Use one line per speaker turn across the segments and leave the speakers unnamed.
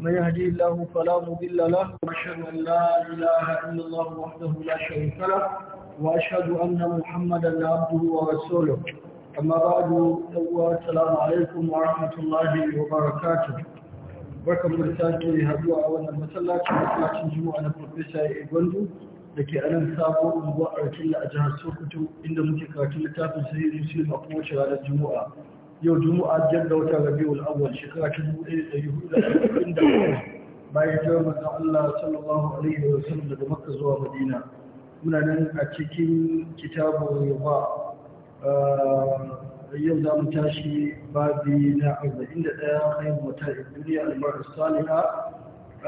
من يهدي الله فلا مضل له وأشهد أن لا إله إلا الله وحده لا شريك له وأشهد أن محمدا عبده ورسوله أما بعد السلام عليكم ورحمة الله وبركاته barkan mu da sake haduwa a wannan masallacin masallacin juma'a na Profesa ya gwandu da ke anan sabo unguwa arkilla a jihar sokoto inda muke karatun littafin sahih a kowace ranar juma'a yau juma'a jan da wata rabiul awwal shekara 1440 bayan jiran manzon Allah sallallahu alaihi wa sallam daga Makka zuwa Madina muna nan a cikin kitabu riba ah, yau za mu tashi babi na 41 kai mata duniya albar salihah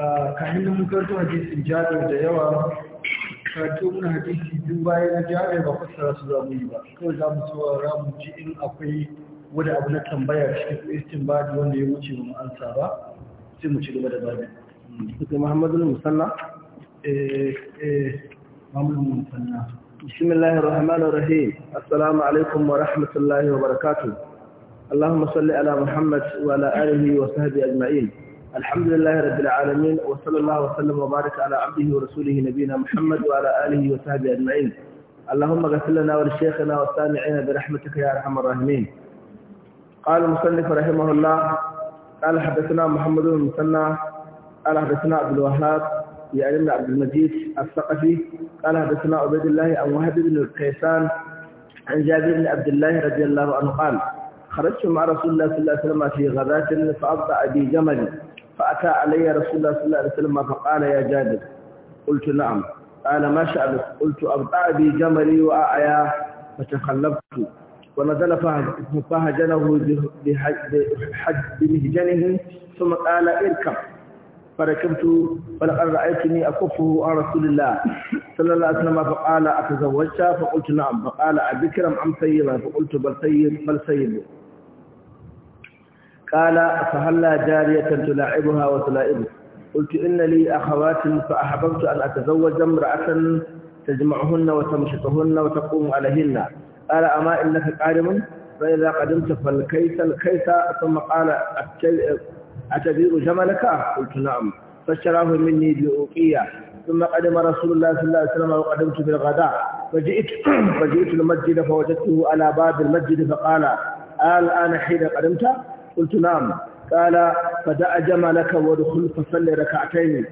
ah, kahin mun karto hadisin Jabir da yawa karto mun hadisi duk bayan Jabir ba kusa su za mu yi ba kawai za mu tsawara mu ji in akwai wani abu na tambaya cikin istinbadi wanda ya wuce mu ansa ba sai mu ci gaba da babin sai muhammadu musalla eh eh muhammadu musalla bismillahir rahmanir rahim assalamu alaikum wa rahmatullahi wa barakatuh allahumma salli ala muhammad wa ala alihi wa وصحبه ajma'in الحمد لله رب العالمين وصلى الله وسلم وبارك على عبده ورسوله نبينا محمد وعلى آله وصحبه أجمعين اللهم اغفر لنا ولشيخنا والسامعين برحمتك يا أرحم الراحمين قال المصنف رحمه الله قال حدثنا محمد بن المثنى قال حدثنا عبد الوهاب يعني ابن عبد المجيد الثقفي قال حدثنا عبيد الله عن وهب بن القيسان عن جابر بن عبد الله رضي الله عنه قال خرجت مع رسول الله صلى الله عليه وسلم في غداة فأبطأ بي جمل فأتى علي رسول الله صلى الله عليه وسلم فقال يا جابر قلت نعم قال ما شأنك قلت أبطأ بي جملي وأعيا فتخلفت ونزل فهجنه بمهجنه ثم قال اركب فركبت فلقد رأيتني أكفه عن رسول الله صلى الله عليه وسلم فقال أتزوجت فقلت نعم فقال أبكرم أم سيبا فقلت بل سيب بل سيب قال فهلا جارية تلاعبها وتلاعبه قلت إن لي أخوات فأحببت أن أتزوج امرأة تجمعهن وتمشطهن وتقوم عليهن قال أما إنك قادم فإذا قدمت فالكيس الكيس ثم قال أتبير جملك قلت نعم فاشتراه مني بأوقية ثم قدم رسول الله صلى الله عليه وسلم وقدمت بالغداء فجئت فجئت المسجد فوجدته على باب المسجد فقال الآن حين قدمت قلت نعم قال فدع جملك ودخل فصلي ركعتين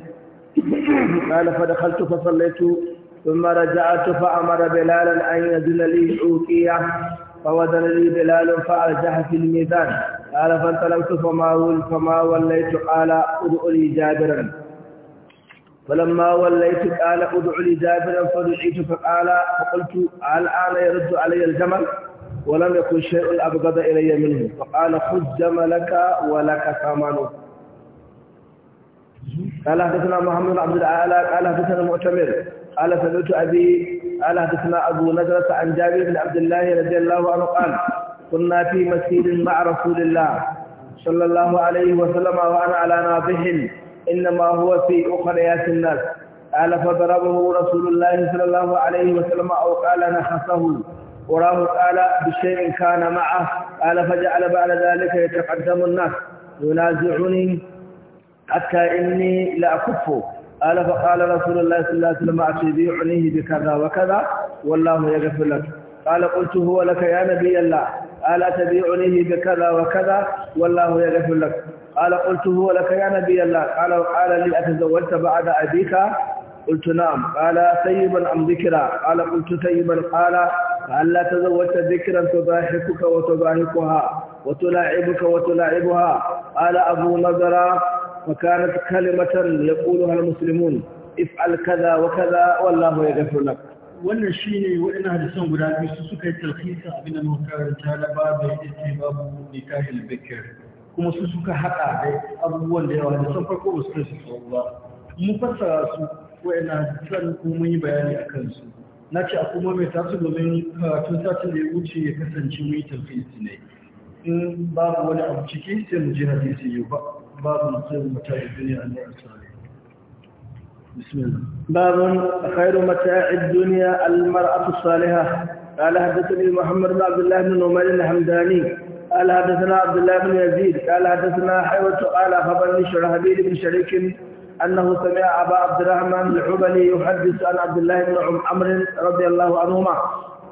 قال فدخلت فصليت ثم رجعت فأمر بلالا أن يزن لي أوكية فوزن لي بلال فأرجح في الميزان قال فانطلقت فما فما وليت قال ادع لي جابرا فلما وليت قال ادع لي جابرا فدعيت فقال فقلت الآن يرد علي الجمل ولم يكن شيء أبغض إلي منه فقال خذ جملك ولك ثمنه قال حدثنا محمد بن عبد العالى قال حدثنا المعتمر قال سمعت أبي قال حدثنا أبو نجرة عن جابر بن عبد الله رضي الله عنه قال كنا في مسجد مع رسول الله صلى الله عليه وسلم وأنا على ناضح إنما هو في أخريات الناس قال فضربه رسول الله صلى الله عليه وسلم أو قال نخصه وراه قال بشيء كان معه قال فجعل بعد ذلك يتقدم الناس ينازعني حتى إني لأكفه قال فقال رسول الله صلى الله عليه وسلم أتبي عنيه بكذا وكذا والله يغفر لك قال قلت هو لك يا نبي الله قال أتبيعنيه بكذا وكذا والله يغفر لك قال قلت هو لك يا نبي الله قال وقال لي أتزوجت بعد أبيك قلت نعم قال سيبا أم ذكرا قال قلت سيبا قال فألا تزوجت ذكرا تضاحكك وتضاحكها وتلاعبك وتلاعبها قال أبو نظرا وكانت كلمة يقولها المسلمون افعل كذا وكذا والله يغفر لك wannan shine waɗannan hadisan guda biyu su suka yi talhisa abin da muka karanta na babu yake babu nikahil kuma su suka haɗa da abubuwan da yawa hadisan farko ba su kai su ba Mu fassara su waɗannan hadisan kuma mun yi bayani a kansu na ce a kuma mai tasu domin karatun satin da ya wuce ya kasance mun yi na ne in babu wani abu ciki sai mu je hadisi yau ba باب خير متاع الدنيا أنواع الثانية بسم الله باب خير متاع الدنيا المرأة الصالحة قال حدثني محمد بن عبد الله بن عمر الحمداني قال حدثنا عبد الله بن يزيد قال حدثنا حيوة قال خبرني شرهبيل بن شريك أنه سمع أبا عبد الرحمن الحبلي يحدث عن عبد الله بن عمر رضي الله عنهما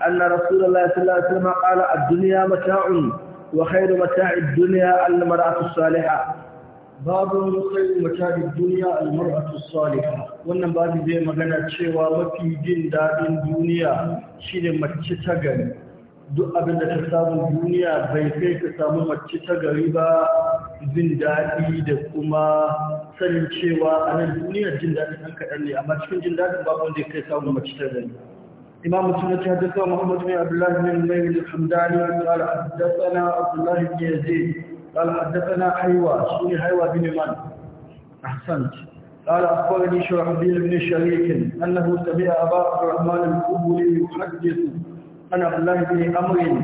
أن رسول الله صلى الله عليه وسلم قال الدنيا متاع وخير متاع الدنيا المرأة الصالحة babu kai mata da duniya al almar'atu salihah wannan babu zai magana cewa mafi jin daɗin duniya shine mace ta gari duk abin da ta samu duniya bai kai ka samu mace ta gari ba jin daɗi da kuma sanin cewa a nan duniyar jin daɗi ɗan kaɗan ne amma cikin jin daɗin babu wanda kai samu mace ta gari إمام السنة حدثنا محمد بن عبد الله بن نمير الحمداني قال حدثنا عبد الله بن يزيد قال حدثنا حيوى سوني حيوى بن من أحسنت قال أخبرني شعبيل بن شريك أنه سمع أبا عبد الرحمن الكبولي يحدث عن عبد الله بن أمر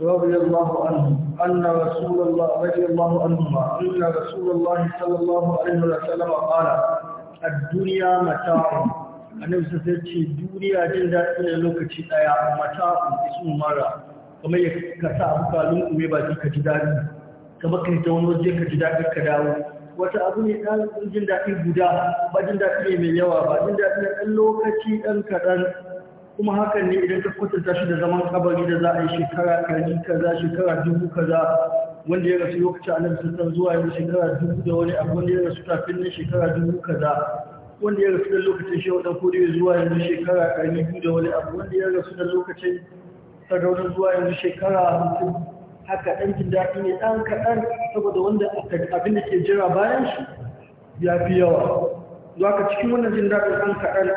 رضي الله عنه أن رسول الله رضي الله عنهما أن رسول الله صلى الله عليه وسلم قال الدنيا متاع annabi sai sai ce duniya jin daɗi ne lokaci ɗaya mata ismu mara kamar ya kasa abu kalun kuma ba ka ji daɗi ka baka ta wani waje ka ji daɗi ka dawo wata abu ne ɗan jin daɗi guda ba jin daɗi ne mai yawa ba jin daɗi na ɗan lokaci ɗan kaɗan kuma hakan ne idan ka kwatanta shi da zaman kabari da za a yi shekara ɗari kaza shekara dubu kaza wanda ya rasu lokacin annabi sassan zuwa yanzu shekara dubu da wani abu wanda ya rasu kafin nan shekara dubu kaza wanda ya rasu da lokacin wadda ɗan kodiyo zuwa yanzu shekara ɗari biyu da wani abu wanda ya rasu da lokacin sarraunin zuwa yanzu shekara hamsin haka ɗan jin daɗi ne ɗan kaɗan saboda wanda abin da ke jira bayan shi ya fi yawa za ka cikin wannan jin daɗin ɗan kaɗan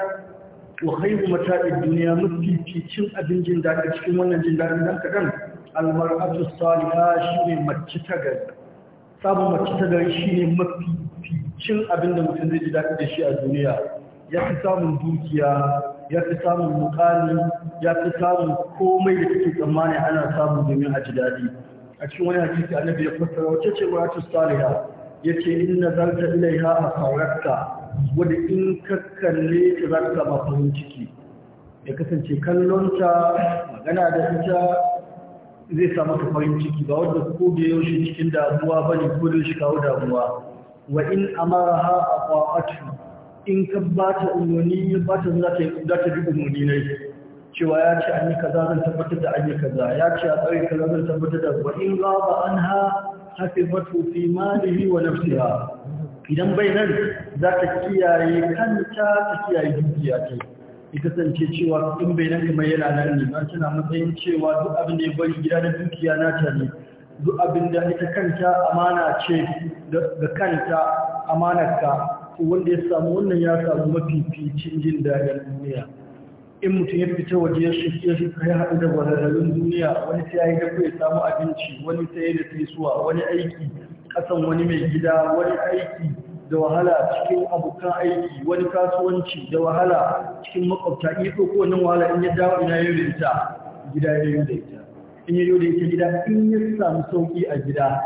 wa haihu mata'in duniya mafificin abin jin daɗi cikin wannan jin daɗin ɗan kaɗan almar'atu saliha shi ne mace ta gari samun mace ta gari shi ne mafificin abin da mutum zai ji daɗi da shi a duniya ya fi samun dukiya ya fi samun mukami ya fi samun komai da kake tsammani ana samun domin a ji daɗi a cikin wani hadisi annabi ya fassara wacce ce muratu saliha yace in nazarta ilaiha asararka wanda in ka kalle ta za ka samu farin ciki ya kasance kallonta magana da ita zai samu ka farin ciki ba wanda ko da yaushe cikin damuwa bane ko da shi kawo damuwa wa in amara amaraha aqaatu in ka ba ta umarni ba ta za ta ta bi umarni ne cewa ya ce an yi kaza zan tabbatar da an yi kaza ya ce a tsare kaza zan tabbatar da wa in gaba an ha hafizatu fi malihi wa nafsiha idan bai nan za ta kiyaye kanta ta kiyaye dukiya ta ita kasance cewa in bai nan kamar yana nan ne ba tana matsayin cewa duk abin da ya bari gida da dukiya na ta ne duk abin da ita kanta amana ce ga kanta amanarka wanda ya samu wannan ya samu mafificin jin daɗin duniya in mutum ya fita waje ya shirya shuka ya haɗu da wararrun duniya wani sai ya yi dafa ya samu abinci wani sai da sai suwa wani aiki ƙasan wani mai gida wani aiki da wahala cikin abokan aiki wani kasuwanci da wahala cikin makwabta iko ɗauko wannan wahala in ya dawo ina yau da ita gida ya yau da ita in ya yau da ita gida in ya samu sauƙi a gida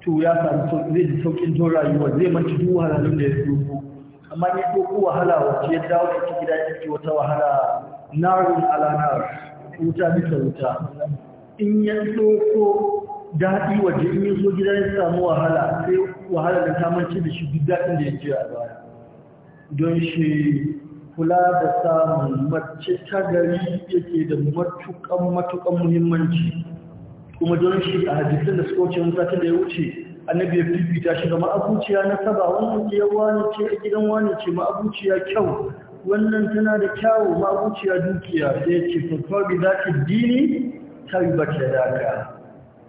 to ya samu sauƙi zai ji sauƙin to rayuwa zai manta duk wahalhalun da ya ɗauko amma ya ɗauko wahala wacce ya dawo da gida ya wata wahala narin alanar wuta bisa wuta in ya ɗauko daɗi waje in yi zo gida ya samu wahala sai wahala da tamanci da shi duk daɗin da ya ji a baya don shi kula da samun mace ta gari yake da matukan matuƙan muhimmanci kuma don shi a hadisin da suka wuce mutakin da ya wuce annabi ya fifita shi ga ma'abuciya na saba wannan ke wani ce a gidan wani ce ma'abuciya kyau wannan tana da kyawu ma'abuciya dukiya sai ce fafa bi za ta dini ta yi ba ta daka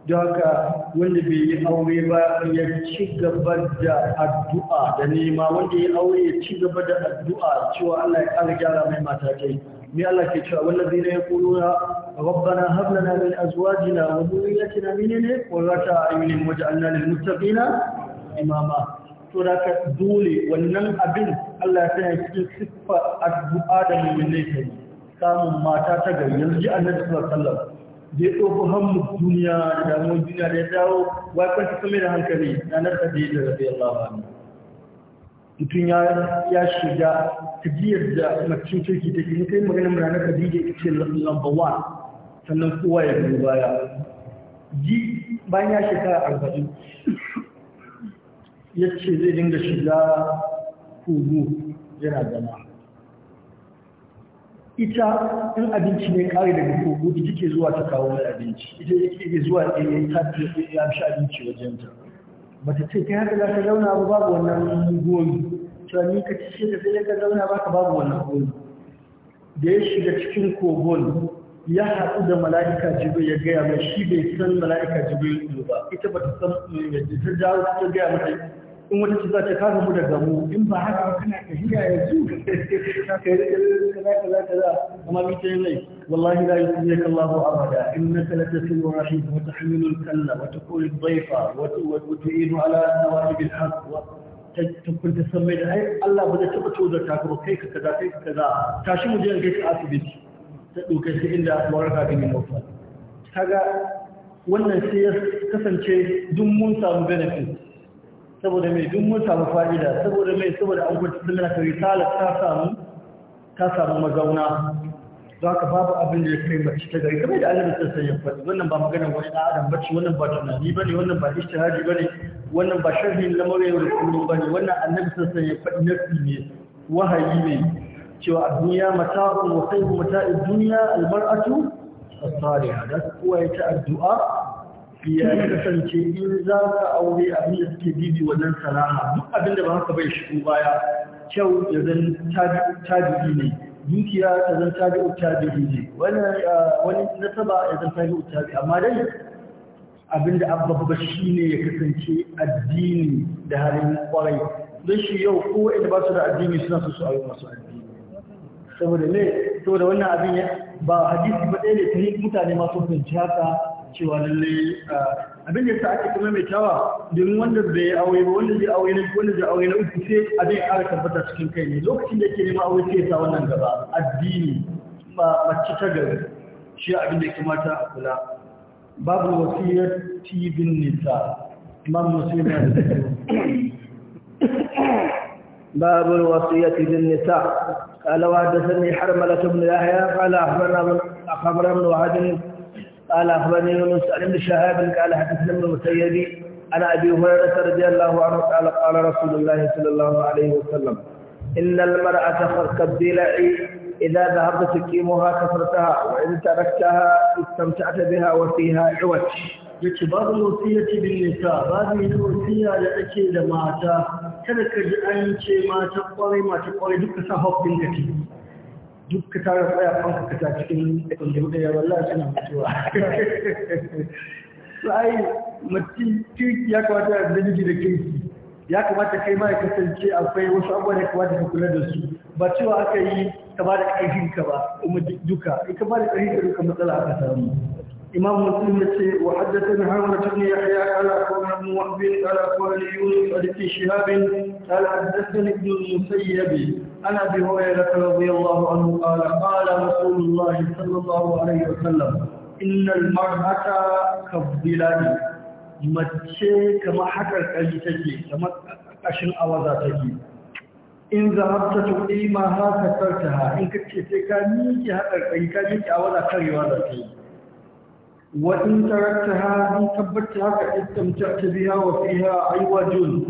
da haka wanda bai yi aure ba ya ci gaba da addu'a da nema wanda ya aure ya ci gaba da addu'a cewa Allah ya ƙara gyara mai matakai ni Allah ke cewa wallazi ne yaquluna rabbana hab lana min azwajina wa dhurriyyatina wa rata a'yunin waj'alna lil muttaqina imama to da ka dole wannan abin Allah ya sanya cikin siffa addu'a da mu'minai kai samun mata ta gari yanzu annabi sallallahu alaihi wasallam da ya ɗauko hannun duniya da mu duniya da ya dawo wa da hankali ranar da ya da Allah mutum ya shiga kajiyar da macin kirki ta in kai maganin na kadija ita ce lamba one sannan kowa ya biyu baya ji bayan ya shekara arba'in ya ce zai dinga shiga kogo yana zama ita in abinci ne kare daga kogo ita ke zuwa ta kawo mai abinci ita ke zuwa ta yi ta ya fi abinci wajenta Bata ce kai haka za ka zauna ba babu wannan goyi cewa ni ka ci shi da sai ka zauna ba ka babu wannan goyi da ya shiga cikin kogon ya haɗu da mala'ika jibe ya gaya mai shi bai san mala'ika jibril ba ita ba mm, ta san mai ta jawo ta gaya mata in wata ce za ta kasa mu da gamu in ba haka ba kana tafiya yanzu ka yi kaza kaza kaza amma bi ta yi wallahi la yusmiyaka Allahu abada innaka latasil rahim wa tahmilul kalla wa tuqul dhayfa wa tu'inu ala nawajib al-haq wa takunta sammai da ai Allah ba zai taba tozarta ta ba kai ka kaza kai ka kaza tashi mu je ga ka asibiti ta doke shi inda waraka bin mutum kaga wannan sai ya kasance duk mun samu benefit saboda mai duk mun samu fa'ida saboda mai saboda an kwanci da ka risalar ta samu ta samu mazauna za ka babu abin da ya kai mace ta gari kamar da annabi sassan ya faɗi wannan ba maganar wani ɗan adam bace wannan ba tunani ne. wannan ba ba ne. wannan ba sharhin lamarin yau da kullum ba ne. wannan annabi sassan ya faɗi nafsi ne wahayi ne cewa a duniya mata'un wa sayyidu mata'id duniya almar'atu as-salihah da kowa ya ta addu'a ya kasance in za ka aure abin da suke bibi wajen sana'a duk abin da ba haka bai shigo baya kyau ya zan tajiri ne dukiya ta zan tabi'u tabi'i ne wani wani nasaba ya zan ta tabi'i amma dai abinda shi ne ya kasance addini da halin kwarai don shi yau ko inda ba su da addini suna so su aure masu addini saboda ne saboda wannan abin ya ba hadisi ba ɗaya ne ta mutane masu fahimci haka cewa lalle abin da yasa ake kuma mai tawa domin wanda bai aure ba wanda zai aure na wanda zai aure na uku sai abin ya ƙara tabbata cikin kai ne lokacin da yake nema aure sai ya sa wannan gaba addini ba mace ta gari shi abin da ya kamata a kula babu wasiyar tibin nisa imam muslim ya da باب الوصية بالنساء قال وحدثني حرملة بن يحيى قال أخبرنا من أخبرنا من وحد قال أخبرني يونس عن ابن شهاب قال حدثنا ابن المسيب عن أبي هريرة رضي الله عنه قال قال رسول الله صلى الله عليه وسلم إن المرأة كالضلع إذا ذهبت تكيمها كثرتها وإن تركتها استمتعت بها وفيها عوج yace باب الوصية بالنساء باب الوصية yin wasiya da ake da ما kada ka ji an duk ka tara tsaya fanka ka ta cikin kundu ɗaya wallahi suna mutuwa su ai mati kirki ya kamata ya namiji da kirki ya kamata kai ma ya kasance akwai wasu abubuwa da kamata ka kula da su ba cewa aka yi ka ba da ƙarfin ka ba kuma duka in ka ba da ƙarfin ka duka matsala aka samu إمام مسلم يتي وحدثنا هارون بن يحيى على قول بن وهب على قول يونس عن ابن شهاب قال حدثني ابن المسيب عن ابي هريره رضي الله عنه قال قال رسول الله صلى الله عليه وسلم ان المراه كالظلال mace kama hakar kari take kama kashin awaza take in zahabta tuqima ha kasarta in kace sai ka miki hakar kari ka miki awaza karewa za ta yi tabbatar وإن تركتها إن تبتها استمتعت بها وفيها عوج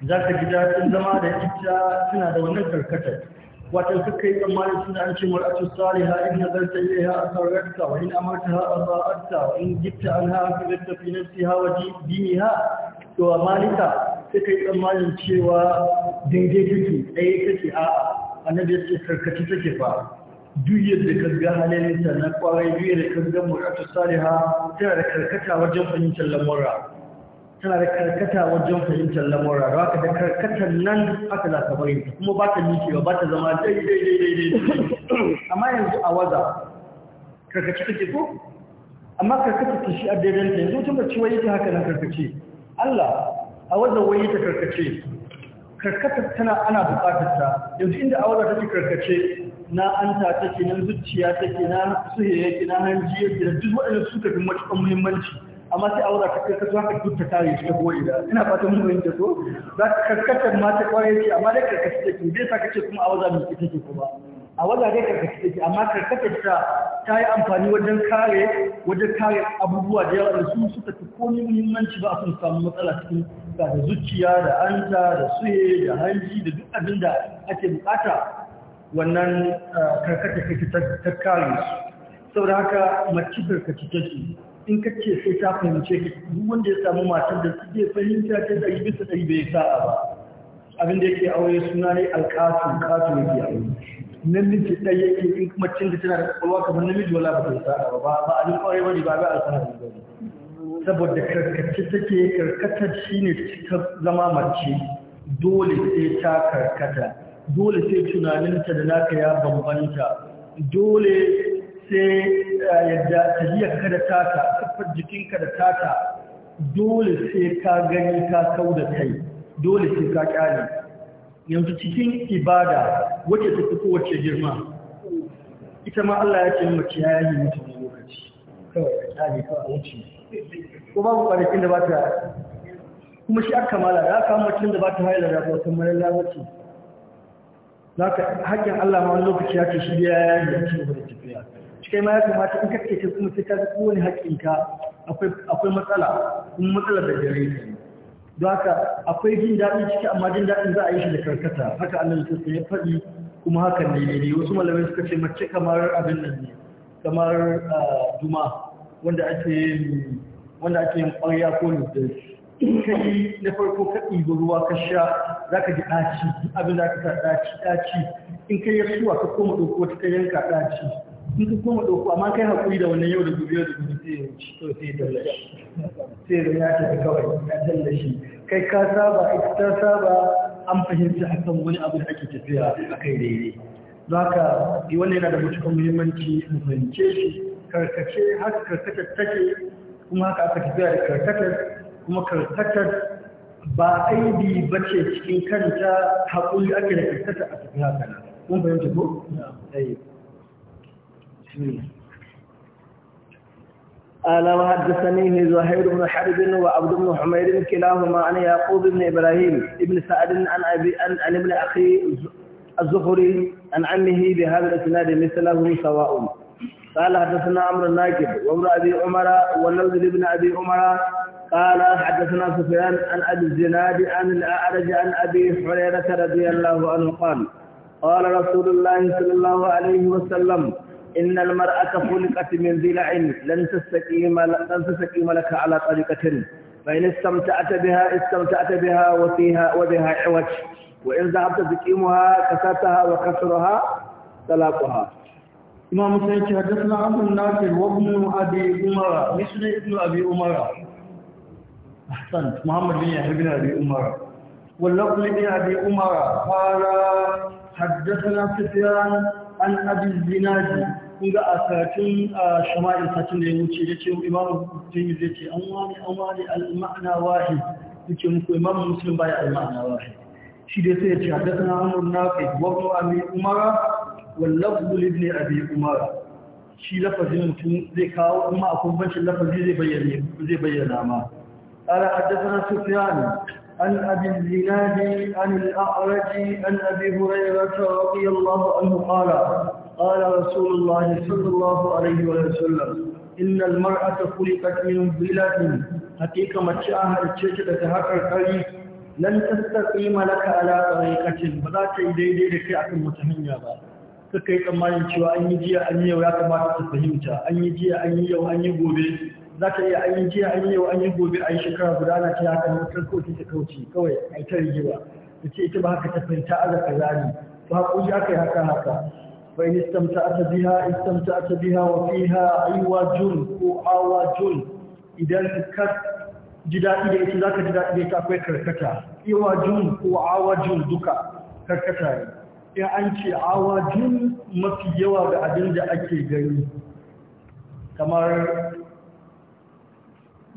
gida جدا zama da ita suna da wannan karkatar watan suka yi tsammanin suna an ce mar'atu salihah in nazarta ilaiha asararta wa in amartaha asa'arta wa in gitta anha akhidatta fi nafsiha wa diniha to malika suka yi tsammanin cewa daidai take ɗaya take a'a annabi ya ce karkaci take fa duk yadda ka ga halayyarsa na kwarai duk yadda ka ga muratu saliha tana da karkata wajen fahimtar lamura tana da karkata wajen fahimtar lamura da haka da karkatar nan aka za ka bari ta kuma ba ta miƙe ba ba ta zama daidai daidai daidai amma yanzu a waza karkace take ko amma karkata ta shi a daidai ta yanzu tun da ciwo ta haka nan karkace Allah a waza wai ta karkace karkata tana ana buƙatar ta yanzu inda a waza take karkace na anta take nan zuciya take na suhe yake na hanji yake da duk waɗanda suka fi matuƙan muhimmanci amma sai aura ka kai kasu haka duk ta kare shi ta goyi da ina fatan mun yanke so za ka karkatar ta kwaye ce amma dai karkashi take bai sa kace kuma awaza mai ita take kuma a waza dai karkata take amma karkatar ta ta yi amfani wajen kare wajen kare abubuwa da yawa da su suka fi komai muhimmanci ba a sun samu matsala cikin da zuciya da anta da suhe da hanji da duk abin da ake bukata wannan eh, karkata ke ta kare su saboda haka mace karkaci take in ka ce sai ta fahimce ka duk wanda ya samu matar da su zai fahimta ta ɗari bisa ɗari bai sa'a ba abin da yake aure suna ne alƙasun ƙasun yake aure namiji ɗaya yake in macin da tana da ƙwaƙwalwa kamar namiji wala ba ta sa'a ba ba a duk aure ba ba ba a sa'a ba saboda karkace take karkatar shine ta zama mace dole sai ta karkata dole sai tunaninta da naka ya bambanta dole sai eh, yadda ka da tata siffar jikinka da tata. dole sai ka gani ka kau da kai dole sai ka kyale yanzu cikin ibada wacce ta fi kowace girma ita ma Allah ya ce mace ya yi mutane lokaci kawai ta ne ka wuce ko babu kwanakin da ba ta kuma shi aka mala da aka mutum da ba ta haila da ba ta mara lalace za ka Allah ma wani lokaci ya ce shi ya yaji a cikin da tafiya cikai ma ya kamata in kake ce kuma sai ka ga kowane hakinka, akwai matsala kuma matsalar da gare ka don haka akwai jin daɗi ciki amma jin daɗin za a yi shi da karkata haka ya sai ya faɗi kuma hakan ne ne wasu malamai suka ce mace kamar abin nan ne kamar ah, juma wanda ake yin wanda ake yin ƙwarya ko nudus in ka yi na farko ka ɗigo ruwa ka sha za ka ji ɗaci abin za ka sa ɗaci ɗaci in ka yi suwa ka koma ɗauko ka yanka ɗaci in ka koma ɗauko amma kai haƙuri da wannan yau da gobe yau da gobe sai ya wuce to sai ya dallashi sai da ya tafi kawai ya dallashi kai ka saba ita ta saba an fahimci akan wani abu da ake tafiya a kai daidai za ka yi wannan yana da matuƙar muhimmanci mu fahimce shi karkace har karkatar take kuma haka aka tafiya da karkatar kuma karkatar ba aibi ba ce cikin kanta haƙuri ake da karkata a kun ko? زهير بن حرب وعبد بن حمير كلاهما عن يعقوب بن ابراهيم ابن سعد عن ابي عن ابن اخي الزهري عن عمه بهذا الاسناد مثله سواء قال حدثنا عمرو الناقد وابن ابي عمر واللوز بن ابي عمر قال حدثنا سفيان عن ابي الزناد عن الاعرج عن ابي هريره رضي الله عنه قال قال رسول الله صلى الله عليه وسلم ان المراه خلقت من ضلع لن تستقيم لن تستقيم لك على طريقه فان استمتعت بها استمتعت بها وفيها وبها عوج وان ذهبت تقيمها كسرتها وكسرها طلاقها إمام مسلم حدثنا عبد الناصر وابن أبي عمر مثل ابن أبي عمر ahsan muhammad bin yahya bin abi umar واللفظ بن أبي أمر قال حدثنا سفيان an أبي الزناد kunga a karatun a shama'il satin da ya wuce ya ce imam mutum zai ce an wani an al-ma'ana wahi yake muku imam muslim baya al-ma'ana wahi shi dai sai ya ce haddathana amr nafi wa ibn abi umara wal lafz li ibn abi umara shi lafazin mutum zai kawo kuma akwai bancin lafazi zai bayyana ma قال حدثنا سفيان عن أبي الزناد عن الأعرج عن أبي هريرة رضي الله عنه قال قال رسول الله صلى الله عليه وسلم إن المرأة خلقت من ظلة حقيقة متشاها الشيشة تهاكر قريب لن تستقيم لك على طريقة فلا تيدي لك أكل متهنيا kakai tsammanin cewa an yi jiya an yi yau ya kamata ta fahimta an yi jiya an yi yau an yi gobe za ta iya an yi jiya an yi wa an yi gobe an shekara guda na ta yaka nan kan ta ta kauce kawai a yi ta rigima ta ce ita ba haka ta fahimta aza kaza ne to haƙoƙi aka yi haka haka fa in istamta'ata biha ta biha wa fiha jun ko jun idan ka ji daɗi da ita zaka ji daɗi da ita akwai karkata jun ko jun duka karkata ne in an ce jun mafi yawa ga abin da ake gani kamar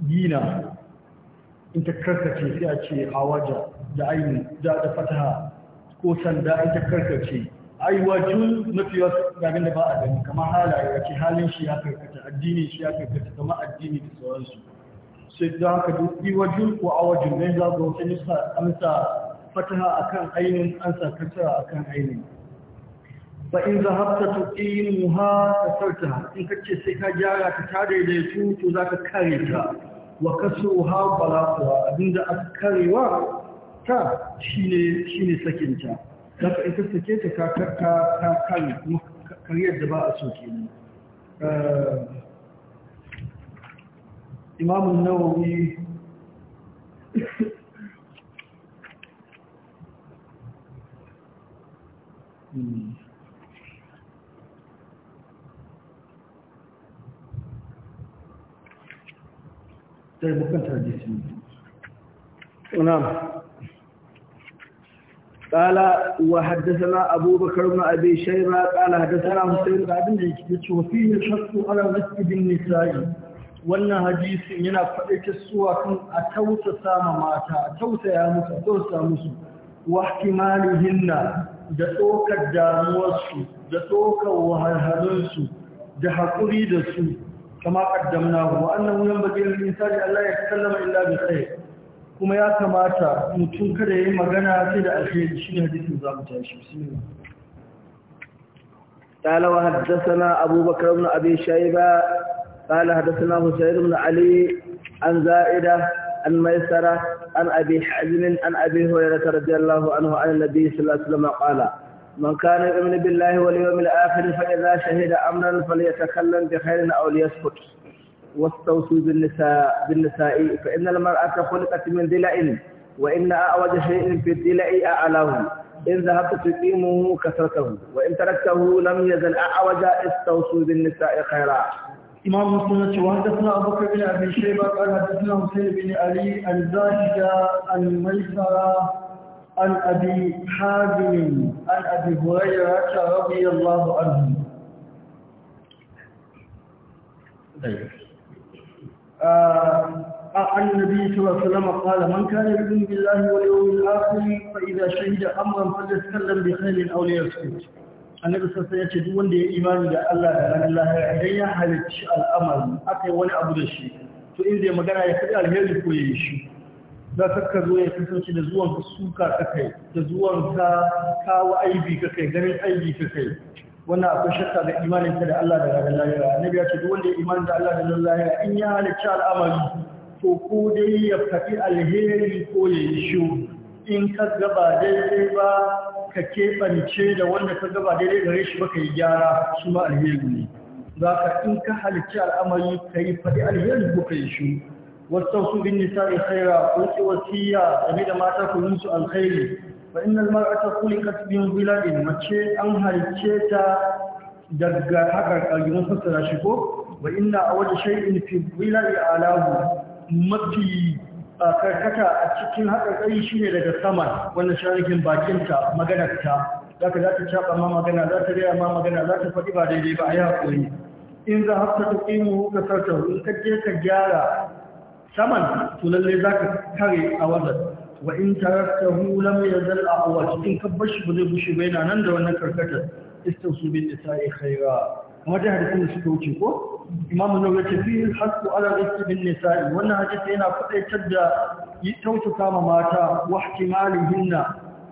gina in ta karkace sai a ce hawaja da ainihin da da fataha ko sanda in ta karkace aiwajun mafi wasu gabin da ba a gani kamar halaye a ce halin shi ya karkata addinin shi ya karkata kamar addini da sauransu sai da haka duk iwajun ko awajun don za ga wata nisa amsa fataha akan ainihin an sa kasara akan ainihin fa in zahabta in kace sai ka gyara ka tare da su to zaka kare ta wa abinda aka karewa ta shine shine zaka in ka sake ta ka ka ka kare kuma kariyar da ba a so kenan Imam an-Nawawi Hmm. sai bukan tradisi na'am قال وحدثنا أبو بكر بن أبي شيبة قال حدثنا حسين بن عبد وفيه الحق على مسجد النساء wannan hadisin yana faɗaita suwa a tausasa ma mata a tausaya musu a tausasa musu wa ihtimalihinna da ɗaukar damuwarsu da ɗaukar wahalhalunsu da haƙuri da su كما قدمناه وأنه ينبغي للإنسان أن لا يتكلم إلا بخير كما يا كما تا متون كده يي magana sai da alkhairi shi hadisin zamu tashi bismillah قال وحدثنا أبو بكر بن أبي شيبة قال حدثنا حسين بن علي عن زائدة عن ميسرة عن أبي حزم عن أبي هريرة رضي الله عنه عن النبي صلى الله عليه وسلم قال من كان يؤمن بالله واليوم الآخر فإذا شهد أمرا فليتكلم بخير أو ليسكت واستوصوا بالنساء, بالنساء فإن المرأة خلقت من دلع وإن أعوج شيء في الدلع أعلاه إن ذهبت تقيمه كثرته وإن تركته لم يزل أعوج استوصوا بالنساء خيرا إمام مسلم وحدثنا أبو بكر بن أبي شيبة قال حدثنا حسين بن علي الزاهد الميسرة عن أبي حازم عن أبي هريرة رضي الله عنه عن النبي صلى الله عليه وسلم قال من كان يؤمن بالله واليوم الآخر فإذا شهد أمرا فليتكلم بخير أو ليسكت annabi sassa ya ce duk wanda ya yi imani da Allah da ranar lahira idan ya halarci al'amari aka wani abu da shi to in zai magana ya kaɗi alheri ko ya yi shi za ka ka zo ya kasance da zuwan suka ka kai da zuwan ka kawo aibi ka kai ganin aibi ka kai wannan akwai shakka ga imanin ka da Allah da ranar lahira Na ya ce wanda ya imani da Allah da ranar lahira in ya halicci al'amari to ko dai ya faɗi alheri ko ya yi shiru in ka gaba daidai ba ka keɓance da wanda ka gaba daidai gare shi ba ka yi gyara shi ma alheri ne za ka in ka halicci al'amari ka yi faɗi alheri ko ka yi Wasu واستوصوا بالنساء خيرا قلت وسيا game da mata ku musu alkhairi fa innal mar'ata khuliqat min dhilalin mace an halice ta daga haka kalmin fassara shi ko wa inna awad shay'in fi dhilali alahu mafi karkata a cikin haka kai shine daga saman wannan sharikin bakin ta maganar ta zaka za ta ma magana za ta riya ma magana za ta faɗi ba daidai ba a yi hakuri in za hafta ta kimu ka sarta in ka je ka gyara saman to lalle zaka kare a wannan wa in taraktahu lam yazal aqwa cikin kabbar shi bazai bushe ba yana nan da wannan karkatar istausu ya isa'i khaira kamar da hadisin da suka wuce ko imamu nawawi ce fi hasbu ala rizqi bin nisa'i wannan hadisi yana fadaitar da yi tautuka ma mata wa hinna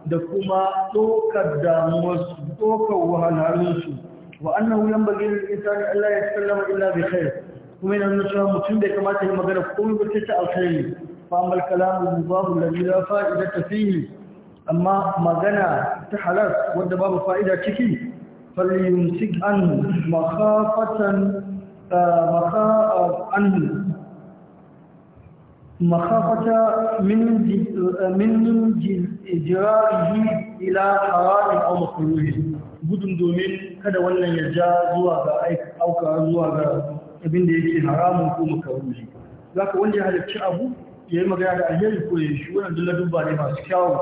da kuma dokar damuwarsu dokar wahalhalunsu wa annahu yanbaghi lil Allah ya sallama illa bi khair kuma yana nuna cewa mutum bai kamata ya magana komai ba sai ta alkhairi fa amal kalamu mubahu alladhi la fa'idata fihi amma magana ta halal wanda babu fa'ida ciki falyumsik an makhafatan eh, makhafatan eh, makhafata min eh, min jirahi ila haram aw makruh gudun domin kada wannan ya ja zuwa ga aika auka zuwa ga abin da yake haramun ko makaruhi ka wanda ya halarci abu ya yi magana da alheri ko ya shi wannan dilladun ba ne masu kyawun.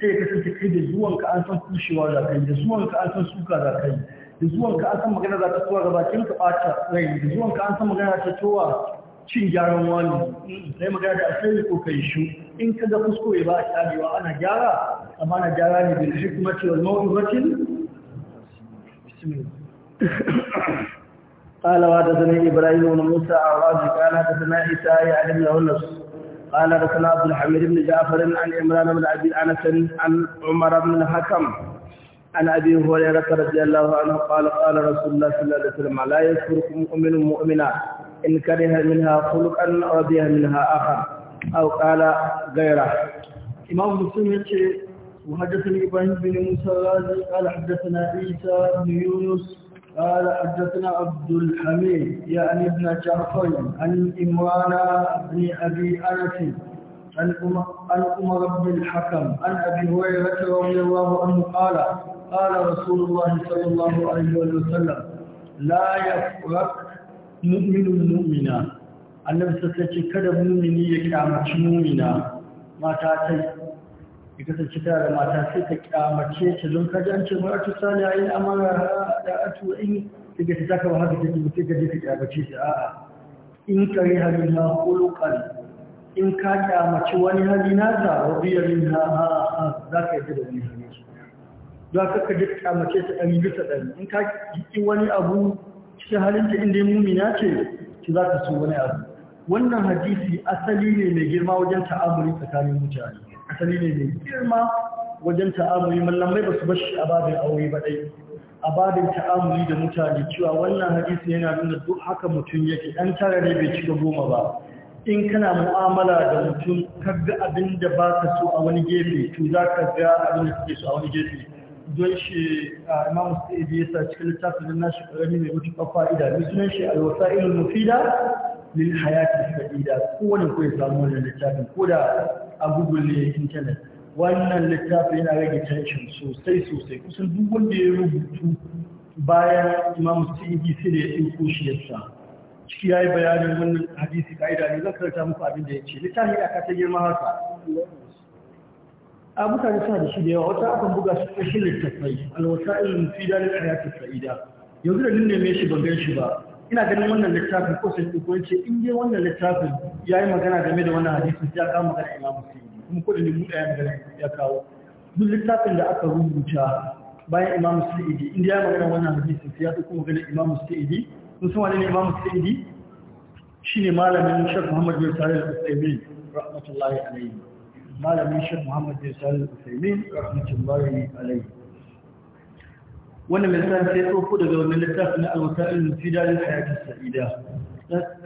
sai ya kasance kai da zuwanka an san kushewa za ka yi da ka an san suka za ka yi da ka an san magana za ta tsowa ga bakin ka ɓata rai da zuwan ka an san magana ta towa, cin gyaran wani sai magana da alheri ko kai shi in ka ga fusko ya ba a kyarewa ana gyara amma na gyara ne da bil hikmati wal mawdu'atin bismillah قال وحدثني إبراهيم بن موسى الرازي قال حدثنا عيسى يعلم له يونس قال حدثنا عبد الحميد بن جعفر عن عمران بن أبي أنس عن عمر بن الحكم عن أبي هريرة رضي الله عنه قال قال رسول الله صلى الله عليه وسلم لا يذكركم مؤمن مؤمنا إن كره منها خلقا بها منها آخر أو قال غيره إمام مسلم يقول وحدثني إبراهيم بن موسى الرازي قال حدثنا عيسى بن يونس قال حدثنا عبد الحميد يعني ابن جعفر عن إمران بن أبي أنس عن أمر بن الحكم عن أبي هريرة رضي الله عنه قال قال رسول الله صلى الله عليه وسلم لا يفرق مؤمن مؤمنا النبي صلى الله عليه وسلم كذا مؤمني يكامت مؤمنا ما تاتي ita kasance ta da mata sai ka kyamace ta don kaji an ce mara cuta ne a yi amara da atu in take ta taka ba ta take ta sai ka ka kyamace ta a'a in kare hali na kulukan in ka kyamace wani hali na ta yi na ha za ka yi da wani hali za ka ka ji kyamace ta ɗari bisa ɗari in ka yi wani abu cikin halin ta inda mumina ce ki za ka so wani abu wannan hadisi asali ne mai girma wajen ta'amuri tsakanin mutane asali ne mai girma wajen ta'amuli mallamai ba su bashi a babin aure ba dai a babin ta'amuli da mutane cewa wannan hadisi yana nuna duk haka mutum yake dan tara ne bai cika goma ba in kana mu'amala da mutum kaga abin da baka ka so a wani gefe to za ka ga abin da suke so a wani gefe don shi a imam sa'idi ya sa cikin littafin nashi karami mai mutu kafa ida mai sunan shi alwasa'ilul mufida lil hayati sadida kowane ku ya samu wannan littafin ko da a google ne internet wannan littafin yana rage tension sosai sosai kusan duk wanda ya rubutu bayan imam sidi sai da ya ɗauko shi yasa ciki ya yi bayanin wannan hadisi ka'ida ne zan karanta muku abin da ya ce littafin ya kata girma haka a mutane suna da shi da yawa wata akan buga su ƙarshen littattafai alwasa'il mufida lil hayati sa'ida yanzu da nuna me shi ban gan shi ba ina ganin wannan littafin ko sai ko yace in dai wannan littafin yayi magana game da wannan hadisin ya kawo magana Imam Muslim kuma ko da ni mu daya magana ya kawo duk littafin da aka rubuta bayan Imam Sa'idi in dai ya magana wannan hadisin sai ya dauko magana Imam Sa'idi kun san wani ne Imam Sa'idi shine malamin Sheikh Muhammad bin Salih Al-Uthaymeen rahmatullahi alayhi malamin Sheikh Muhammad bin Salih Al-Uthaymeen rahmatullahi alayhi wannan mai sa sai tsoko daga wannan littafi na alwasa'il fi dalil hayatis sa'ida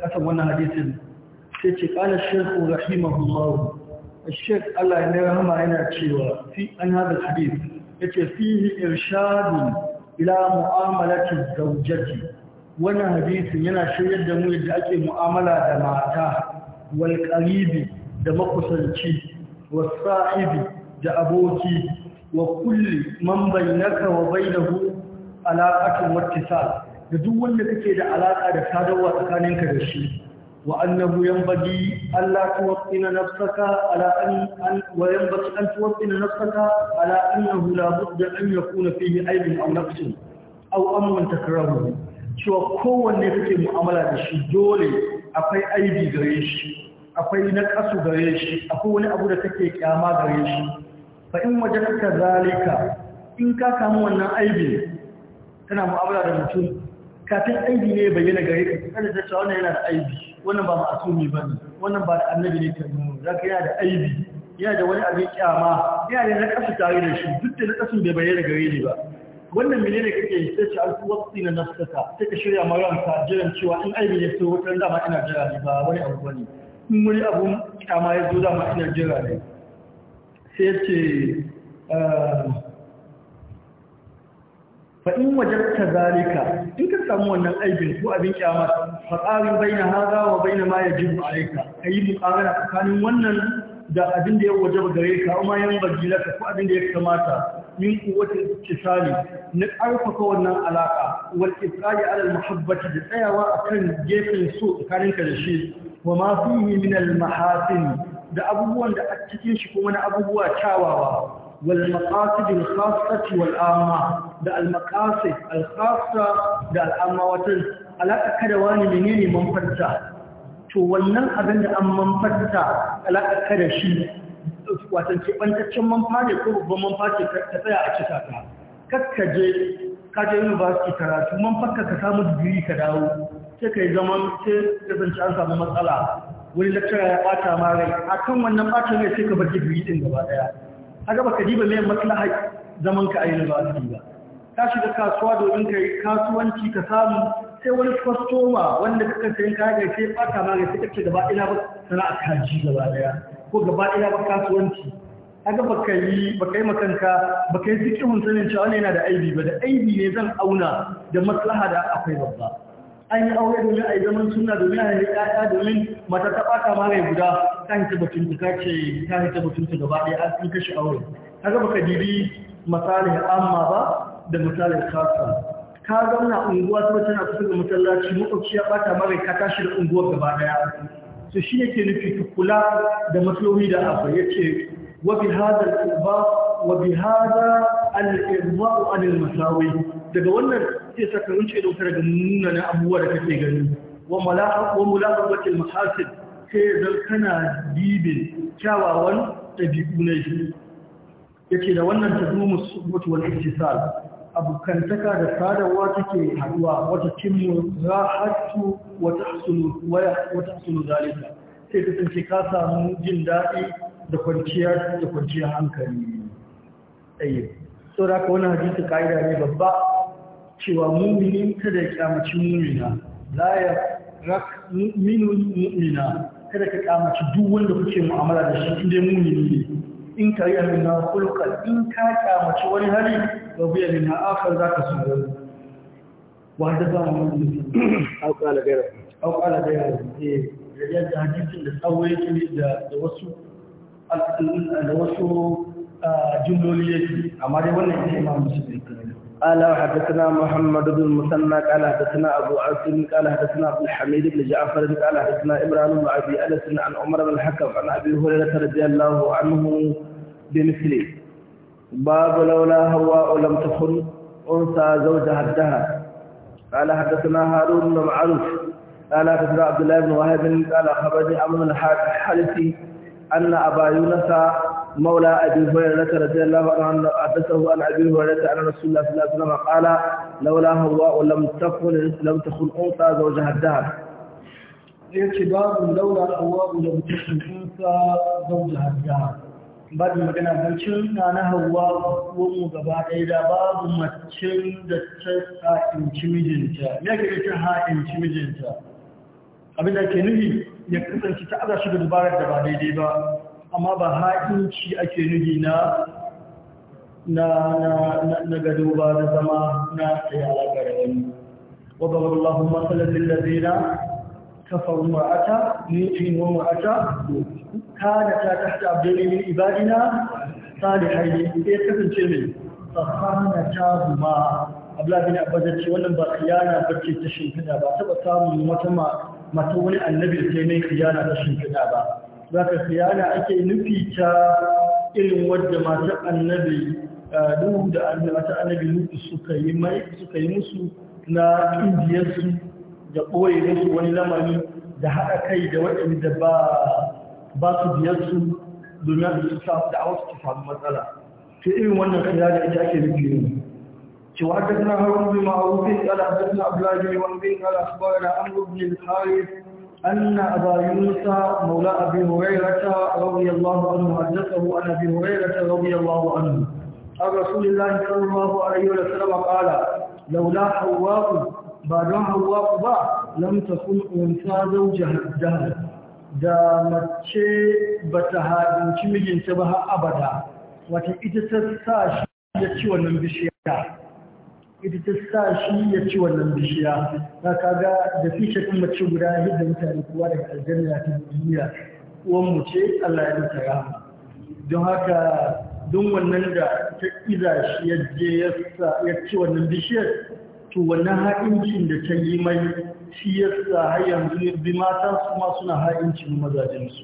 kasan wannan hadisin sai ce qala shaykhu rahimahullah Allah الله يرحمه yana cewa fi an hada hadith yace fihi irshadun ila mu'amalati zawjati wannan hadisin yana shiryar da mu yadda ake mu'amala da mata wal qaribi da makusanci was sahibi da aboki wa kulli man bainaka wa bainahu alaqatun wattisal da duk wanda kake da alaka da sadarwa tsakaninka da shi wa annahu yanbaghi alla tuwaqqina nafsaka ala an wa yanbaghi an tuwaqqina nafsaka ala annahu la budda an yakuna fihi aibun aw naqsun aw amrun takrahu cewa kowanne kake mu'amala da shi dole akwai aibi gare shi akwai naqasu gare shi akwai wani abu da kake kyama gare shi fa in wajadta zalika in ka samu wannan aibi kana mu'amala da mutum kafin aibi ne bayyana gare ka kada da cewa wannan yana da aibi wannan ba ma'asumi bane wannan ba da annabi ne kan zaka yana da aibi yana da wani abin kyama yana da nakasu tare da shi duk da sun bai bayyana gare ni ba wannan mene ne kake yi sai an kuwa tsina na suka sai ka shirya ma ranka jiran cewa in aibi ne sai wutar dama ina jira ne ba wani abu bane in wani abu kyama ya zo dama ina jira ne ce ah, fa'in wajen ta zalika in ka samu wannan aibin ko abin kyama faƙarin bai na haza wa bai na ma ya ji a ka yi muƙarana tsakanin wannan da abin da ya waje gare ka amma yan bagila ka ko abin da ya kamata min kuwatin kisali na ƙarfafa wannan alaƙa wal isra'i alal muhabbati da tsayawa akan gefen so tsakaninka da shi wa ma fihi min al mahasin da abubuwan da a cikin shi kuma na abubuwa kyawawa wal maqasid al khassati wal amma da al maqasid al khassa da al amma watan alaka kada wani menene manfarta to wannan abin da an manfarta alaka kada shi watan kebantaccen manfa ne ko babban manfa ce ta tsaya a cika ka kakkaje kaje university karatu manfarka ka samu digiri ka dawo sai kai zaman sai ka kasance an samu matsala wani lecturer ya bata ma rai A kan wannan bata mai sai ka bar digiri din gaba daya kaga baka diba mai maslaha zaman ka a university ba ka shiga kasuwa domin kai kasuwanci ka samu sai wani kwastoma wanda ka kaka sayan kaya kai sai bata ma rai sai kace gaba ina ba sana'a kaji gaba daya ko gaba ina ba kasuwanci kaga baka yi baka yi makanka baka yi zikihun sanin cewa wannan yana da aibi ba da aibi ne zan auna da maslaha da akwai babba an yi aure domin a yi zaman suna domin a yi ƙaƙa domin mata ta ɓata ma mara guda ta hita batunta ta ce ta hita batunta gaba ɗaya an kashe aure ka ga baka dibi misalin amma ba da misalin kasa ka zauna unguwa ta tana kusa da masallaci makwabci ya ɓata mara ka tashi da unguwar gaba ɗaya su shi yake nufi ka kula da matsaloli da abu ya ce wa bi hada al-irba wa bi hada al-irba al-masawi daga wannan zai saka rince da wuta daga munanan abubuwa da kake gani wa malaqatu mulaqatul mahasin sai zan kana dibin kyawawan dabi'u na shi yake da wannan ta tazumu subut wal ittisal Abokantaka da sadarwa take haduwa wata kimmu wata wa tahsunu wata sunu zalika sai kasance ka samu jin daɗi da kwanciyar da kwanciyar hankali ayyuka saboda wani wannan hadisi kaida ne babba cewa mumini kada ya kyamaci mumina la ya rak mu'minun mu'mina kada ka kyamaci duk wanda kuke mu'amala da shi inda mumini ne in ka yi amina kulkal in ka kyamaci wani hali ga biya min akar za ka sun gani wanda za mu yi au kala gaira au kala gaira eh yadda hadisin da tsawo yake da wasu da wasu ah, jumloli yake amma dai wannan ne imam musulmi قال وحدثنا محمد بن المثنى قال حدثنا ابو عاصم قال حدثنا عبد الحميد بن جعفر قال حدثنا ابراهيم بن ابي انس عن عمر بن الحكم عن ابي هريره رضي الله عنه بمثله باب لولا هواء لم تكن انثى زوجها الدهر قال حدثنا هارون بن معروف قال حدثنا عبد الله بن وهب قال خبرني امر الحارثي ان ابا يونس مولى أبي هريرة رضي الله عنه حدثه عن أبي هريرة عن رسول الله صلى الله عليه وسلم قال لولا هواء لم تكن لم تكن أنثى زوجها الدهر يأتي باب لولا هواء لم تكن أنثى زوجها الدهر بعد ما كان بنشن أنا هواء ومو gaba ɗaya da babu macin da ta ha'inci mijinta ya ke ta ha'inci mijinta abin da ke أن ya kasance ta aza shi da dubarar da ba daidai ba amma ba ha'inci ake nuhi na na gado ba da zama na tsaye alaƙa da wani وضرب الله مثلا للذين كفروا امرأة نوح وامرأة كانتا تحت عبدين من عبادنا صالحين إيه كفن شمل فخانتاهما Abla bin Abbas ya ce wannan ba kiyana bace ta shimfida ba taba samun wata mata wani annabi da ta mai kiyana ta shimfida ba za ka khiyana ake nufi ta irin wadda mata annabi Nuhu da mata annabi Nuhu suka yi mai suka yi musu na indiyarsu da ɓoye musu wani lamari da haɗa kai da waɗanda ba ba su biyarsu domin su samu da awa su samu matsala Ta irin wannan khiyana ita ake nufi na ne وحدثنا هارون بن معروف قال حدثنا عبد الله بن وهب قال اخبرنا عمرو بن الحارث أن أبا يونس مولى أبي هريرة رضي الله عنه حدثه عن أبي هريرة رضي الله عنه عن رسول الله صلى الله عليه وسلم قال لولا حواء بعد حواء با لم تكن أنثى زوجها الدهر da mace ba ta haɗinci mijinta ba har abada wata ita ta sa shi ya ci wannan bishiya ita ta sa shi ya ci wannan bishiya ta kaga da fi ɗin mace guda yadda mutane kowa daga aljanna ta duniya uwan mu ce Allah ya mata ya? don haka don wannan da ta iza shi ya je ya ci wannan bishiyar to wannan ha'incin da ta yi mai shi ya sa har yanzu ne bi mata su ma suna ha'incin mazajensu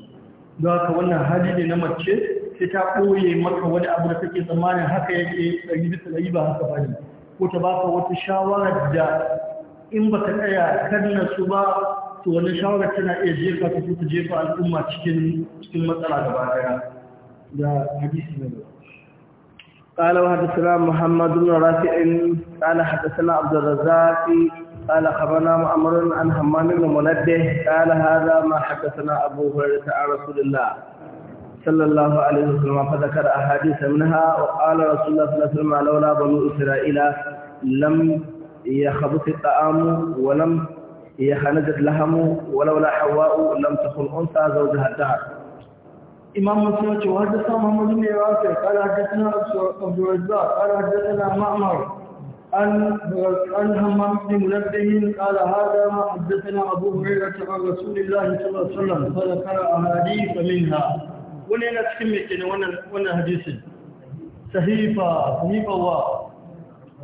don haka wannan hali ne na mace sai ta ɓoye maka wani abu da kake tsammanin haka yake ɗari bisa ɗari ba haka ba ne ko ta baka wata shawarar da in baka tsaya kan nasu ba to wani shawarar tana iya jefa ta ta jefa al'umma cikin cikin matsala gaba daya da hadisi na gaba قال وحدثنا محمد بن رافع قال حدثنا عبد الرزاق قال خبرنا مأمر عن حمام بن منده قال هذا ما حدثنا أبو هريرة عن رسول الله صلى الله عليه وسلم فذكر أحاديث منها وقال رسول الله صلى الله عليه وسلم لولا بنو إسرائيل لم يخبث الطعام ولم يخنجت لهم ولولا حواء لم تكن أنثى زوجها الدار إمام مسلم وحدثنا محمد بن رافع قال حدثنا عبد الرزاق قال حدثنا معمر عن عن همام بن منبه قال هذا ما حدثنا أبو هريرة عن رسول الله صلى الله عليه وسلم فذكر أحاديث منها wani yana cikin mai kenan wannan hadisin sahifa sahifa wa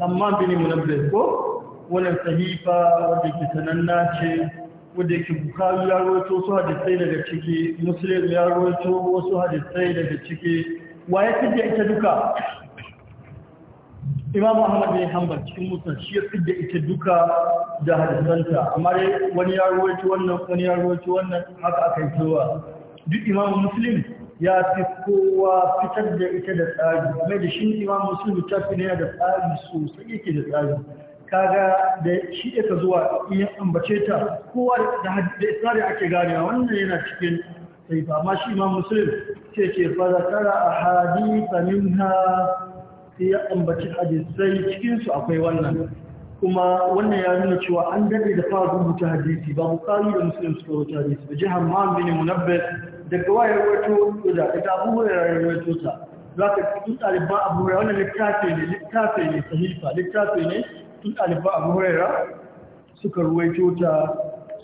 amma bini munabbih ko wannan sahifa wadda ke sananna ce wadda ke bukari ya roto su hadisai daga ciki muslim ya roto wasu hadisai daga ciki wa ya fidda ita duka imam ahmad bin hanbal cikin musan shi ya fidda ita duka da hadisanta amma dai wani ya roto wannan wani ya roto wannan haka aka yi cewa duk imam muslim ya fi kowa fitar da ita da tsari kuma da shi imam muslim tafi ne da tsari sosai yake da tsari kaga da shi ka zuwa iya ambace ta kowa da tsari ake ganewa wannan yana cikin sai ba ma shi imam muslim ce ce fa a ahadith minha sai ya ambaci hadisai cikin akwai wannan kuma wannan ya nuna cewa an dade da fara rubuta hadisi ba bukari da muslim suka rubuta hadisi ba jihar ma'am bin munabbas daga wayar wato da daga abubuwan rayuwar wato ta za ka cikin ɗaliban abu hurera wannan littafi ne littafi ne sahifa littafi ne tun ɗaliban abu hurera suka ruwaito ta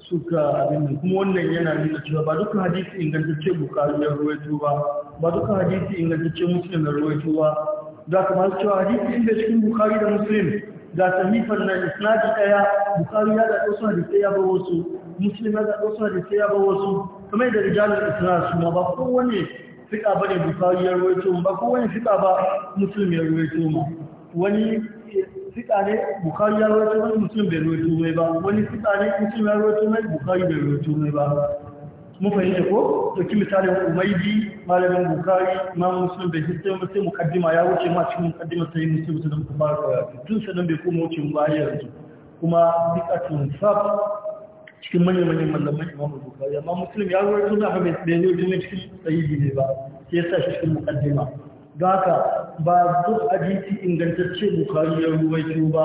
suka abin nan kuma wannan yana nuna cewa ba dukkan hadisi ingantacce bukari ya ruwaito ba ba dukkan hadisi ingantacce muslim ya ruwaito ba za ka masu cewa hadisi inda cikin bukari da muslim ga sahifar na isnadi daya bukari ya zaɓo su hadisai ya ba wasu muslim ya zaɓo su hadisai ya ba wasu kamar da rijalar isra su ma ba kowane fika ba ne bukari ya ruwaito ba kowane fika ba muslim ya ruwaito ma wani fika ne bukari ya ruwaito wani muslim bai ruwaito mai ba wani fika ne muslim ya ruwaito mai bukari bai ruwaito mai ba mun fahimta ko ki misali umaydi malamin bukari ma muslim bai hisse mu sai mukaddima ya wuce ma cikin mukaddima sai muslim sai muka kuma tun sai dan bai koma wuce mu ba yanzu kuma bid'atun sab cikin manyan manyan malamai imam bukari amma muslim ya rawaito da hadisi bai zo cikin sahihi ne ba sai ya sa shi cikin mukaddima don ba duk hadisi ingantacce bukari ya rawaito ba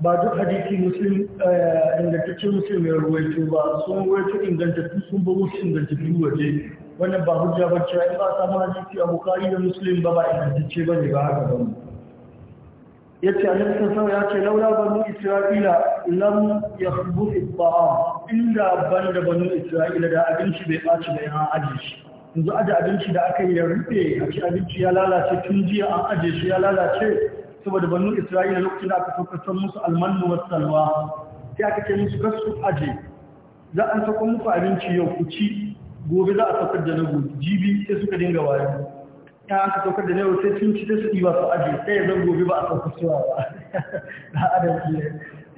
ba duk hadisi muslim eh, ingantaccen muslim ya ruwaito ba sun ruwaito ingantattu sun ba wasu ingantattu waje wannan ba hujja ba cewa in ba samu hadisi a bukari da muslim ba ba ingantacce ba ne ba haka ba mu ya ce annabi sallallahu ya ce laula banu isra'ila lam yakhbuth at Inda ban da banu isra'ila da abinci bai baci bai an aje shi yanzu aje abinci da aka yi ya rufe a ci abinci ya lalace tun jiya an aje shi ya lalace saboda banu isra'ila lokacin da aka saukar musu almannu wa salwa sai aka ce musu gasu aje za a sako muku abinci yau ku ci gobe za a saukar da nagu jibi sai suka dinga waye ta aka saukar da nagu sai sun ci sai su ɗiba su aje sai zan gobe ba a saukar suwa ba da adam ne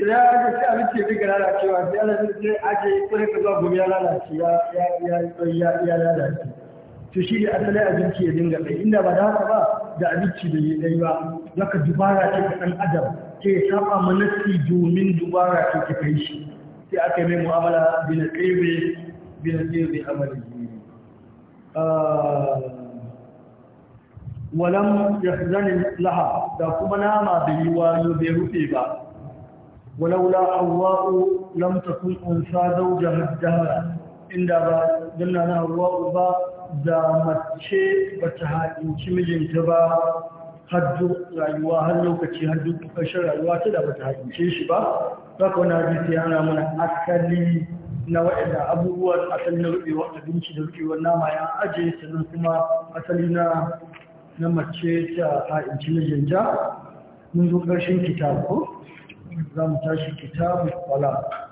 idan aka ce abinci ya dinga lalacewa sai ana sai aje ko ka zuwa gobe ya lalace ya ya ya ya lalace to shi ne asalin abinci ya dinga kai, inda ba za ka ba da abinci da ya ɗaya ba zaka dubara ce ka ɗan adam ke ya saba manassi domin dubara ce ka kai shi sai aka yi mai mu'amala bina tsebe bina tsebe amalin ah, walam ya zanin laha da kuma nama bai yi wayo bai rufe ba walaula hawa'u lam takun unsa zaujan dahara inda ba danna na hawa'u ba da mace bata ta haɗinci mijinta ba haddu rayuwa har lokaci haddu ƙarshen rayuwa ta da ba ta shi ba za ka wani hadisi ya ana mana asali na waɗanda abubuwan asali na ruɓewar abinci da ruɓewar nama ya aje sannan kuma asali na na mace ta haɗinci mijinta mun zo ƙarshen kitabu za mu tashi kitabu kwala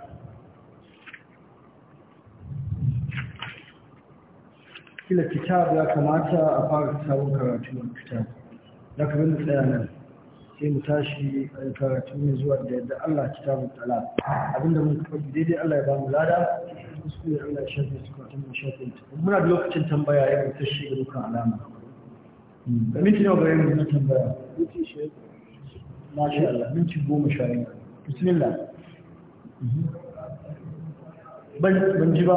kila kitab ya kamata a fara sabon karatu a kitab da ka rinda tsaya nan sai mu tashi a eh, karatu ne zuwa da yadda Allah kitabun tsala abinda mun kafa daidai Allah ya ba mu lada su ne Allah ya shafi su kwatan mu shafe muna da lokacin tambaya ya ga tashi da dukkan alama
da minti nawa ga yanzu
tambaya minti shi masha Allah minti goma sha biyu bismillah mhm.
ban ji ba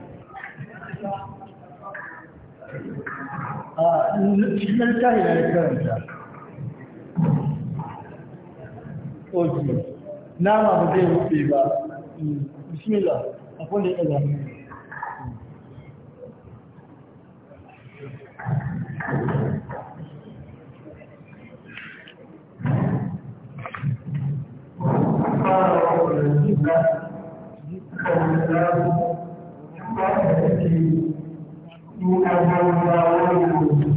a cikin littafi da karanta
oke nama ba zai rufe ba bismillah a kwanda ya zama Thank
you. إنه لغول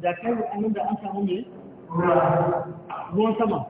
da kai rukunin da an samu ne ruwan sama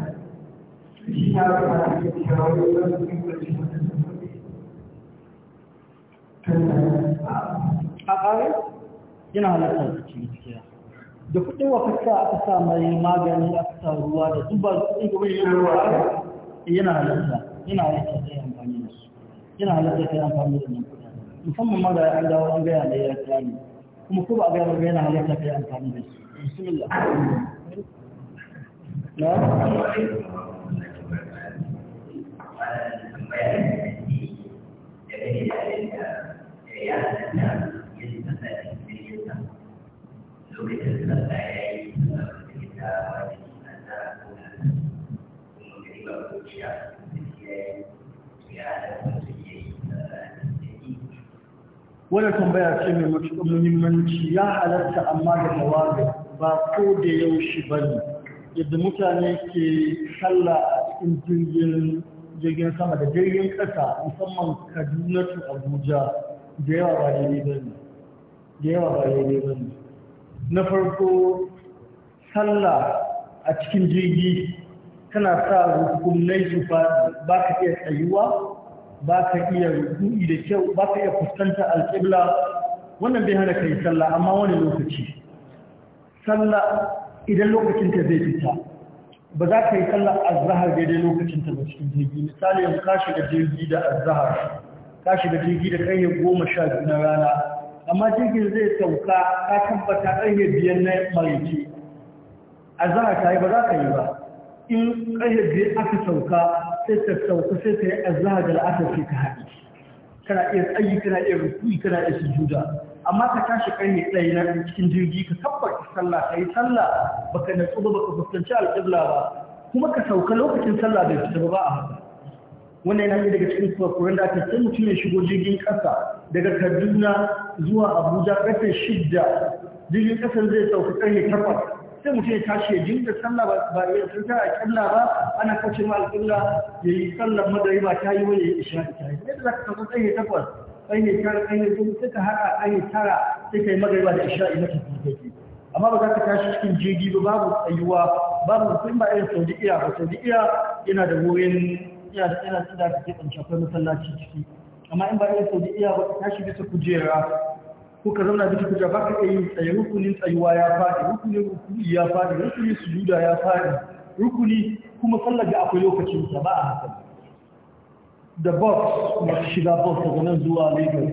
a ƙari yana halatta da cikin cikin da kuɗin wakasta aka sa mai magani aka sa ruwa da dubba kuɗin kuma yin ruwa eh, yana halatta yana halatta ta yi amfani da su yana halatta ta yi amfani da nan kudin musamman ma da an dawo an gaya da ya tsari kuma ko ba a gaya ba yana halatta ta yi amfani da su bismillah
na
wani tambaya ce mai matukar muhimmanci ya halatta amma da tawaga ba ko da yaushe ba ne yadda mutane ke sallah a cikin jirgin jirgin sama da jirgin ƙasa musamman kaduna abuja da yawa ba daidai ne ba ne na farko sallah a cikin jirgi tana sa rukunai su faɗi ba ka iya tsayuwa ba ka iya rukuni da kyau ba ka iya fuskanta alƙibla wannan bai hana kai sallah amma wani lokaci sallah idan lokacinta zai fita ba za ka yi sallah azahar daidai lokacinta ba cikin jirgi misali yanzu ka shiga jirgi da azahar ka shiga jirgi da ƙarfe goma sha biyu na rana amma jirgin zai sauka ka tabbata ƙarfe biyar na maraice a zara ta yi ba za ka yi ba in ƙarfe biyar aka sauka sai ta sauka sai ta yi azahar da la'asar ka ta haɗi kana iya tsayi kana iya rukuni kana iya sujuda amma ka tashi ƙarfe ɗaya na cikin jirgi ka tabbata sallah ka yi sallah baka natsu ba baka fuskanci alƙibla ba kuma ka sauka lokacin sallah bai fita ba a haka wannan yana daga cikin kurakuran da ta sai mutum ya shigo jirgin ƙasa daga kaduna zuwa abuja ƙarfe shidda jirgin ƙasar zai sauka ƙarfe takwas sai mutum ya tashi ya da sallah ba ya tsanta a ƙalla ba ana kace ma alƙalla ya yi sallar magariba ta yi wani ya isha ta yi da za ka sauka ƙarfe takwas ƙarfe tara ƙarfe goma sai ka haɗa ƙarfe tara sai ka yi magariba da isha'i na tafi amma ba za ka tashi cikin jirgi ba babu tsayuwa babu sun ba irin iya ba iya yana da wurin iya da ina inda da ke tsanci akwai masallaci ciki amma in ba irin iya ba ta shi bisa kujera Ko ka zauna bisa kujera ba ka iya yin tsaye rukunin tsayuwa ya faɗi rukunin rukuni ya faɗi rukunin sujuda ya faɗi rukuni kuma sallar da akwai lokacin ta ba a hakan da box masu shiga box daga nan zuwa lagos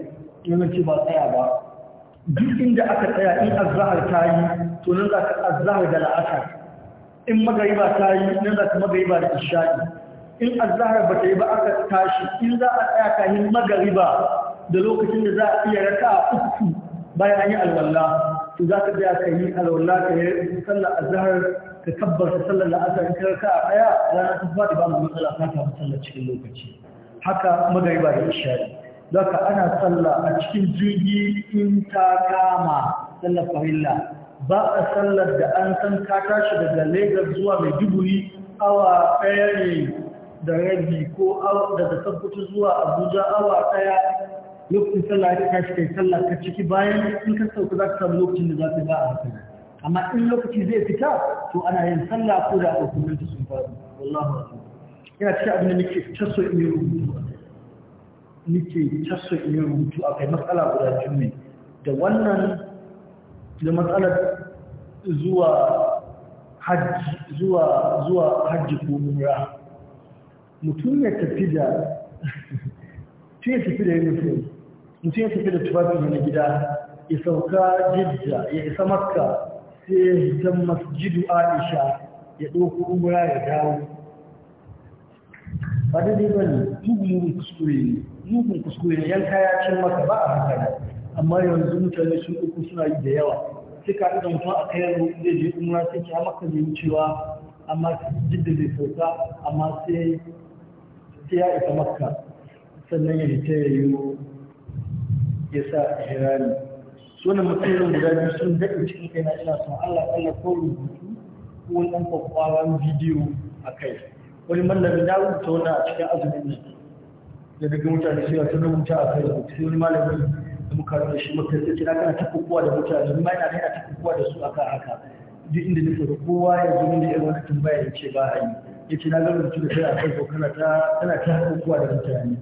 ce ba tsaya ba duk inda aka tsaya in azahar ta yi to nan za ka azahar da la'akar in magariba ta yi nan za ka magariba da isha'i in azahar ba ta yi ba aka tashi in za a tsaya kayan magariba da lokacin da za a iya raka uku bayan an yi alwala to za ka tsaya kayi alwala ka yi sallar azhar ka tabbata sallar la'asar in ka raka a daya rana ta fadi ba mu matsala ka samu sallar cikin lokaci haka magariba da ishari zaka ana sallar a cikin jirgi in ta kama sallar ba a sallar da an san ka tashi daga Lagos zuwa Maiduguri awa ɗaya ne da rabi ko awa daga sabbutu zuwa abuja awa ɗaya lokacin sallah ka kashi kai sallah ka ciki bayan in ka sauka za ka samu lokacin da za ka ba a hankali amma in lokaci zai fita to ana yin sallah ko da hukumin ta sun faru wallahu a'lam ina cikin abin da nake taso in yi rubutu nake taso in yi rubutu akai matsala guda biyu ne da wannan da matsalar zuwa hajji zuwa zuwa hajji ko umra mutum ya tafi da mutum ya tafi da uniform mutum ya tafi da tufafi na gida ya sauka jidda ya isa makka sai ya hita masjidu aisha ya ɗauko umura ya dawo ba da dai bane mugun kuskure ne mugun kuskure ne yan kaya cin maka ba a haka amma yanzu mutane sun uku suna yi da yawa sai ka da mutum a kayan zai je umra sai ki maka zai cewa, amma jidda zai sauka amma sai sai ya isa makka sannan ya fita ya yi ya sa a Su wani mutumin guda biyu sun daɗin cikin kai na ina son Allah Allah ko rubutu ko wani ɗan kwakwaran bidiyo a kai wani mallami na rubuta wani a cikin azumin nan da daga mutane sai wata rubuta a kai sai wani malami da muka rubuta shi muka sai kira kana ta kokowa da mutane ma ina da ta da su aka haka duk inda nufin kowa ya zo ne da irin wani bayan ya ce ba a yi ya ce na gano da kai a kai ko kana ta hakukuwa da mutane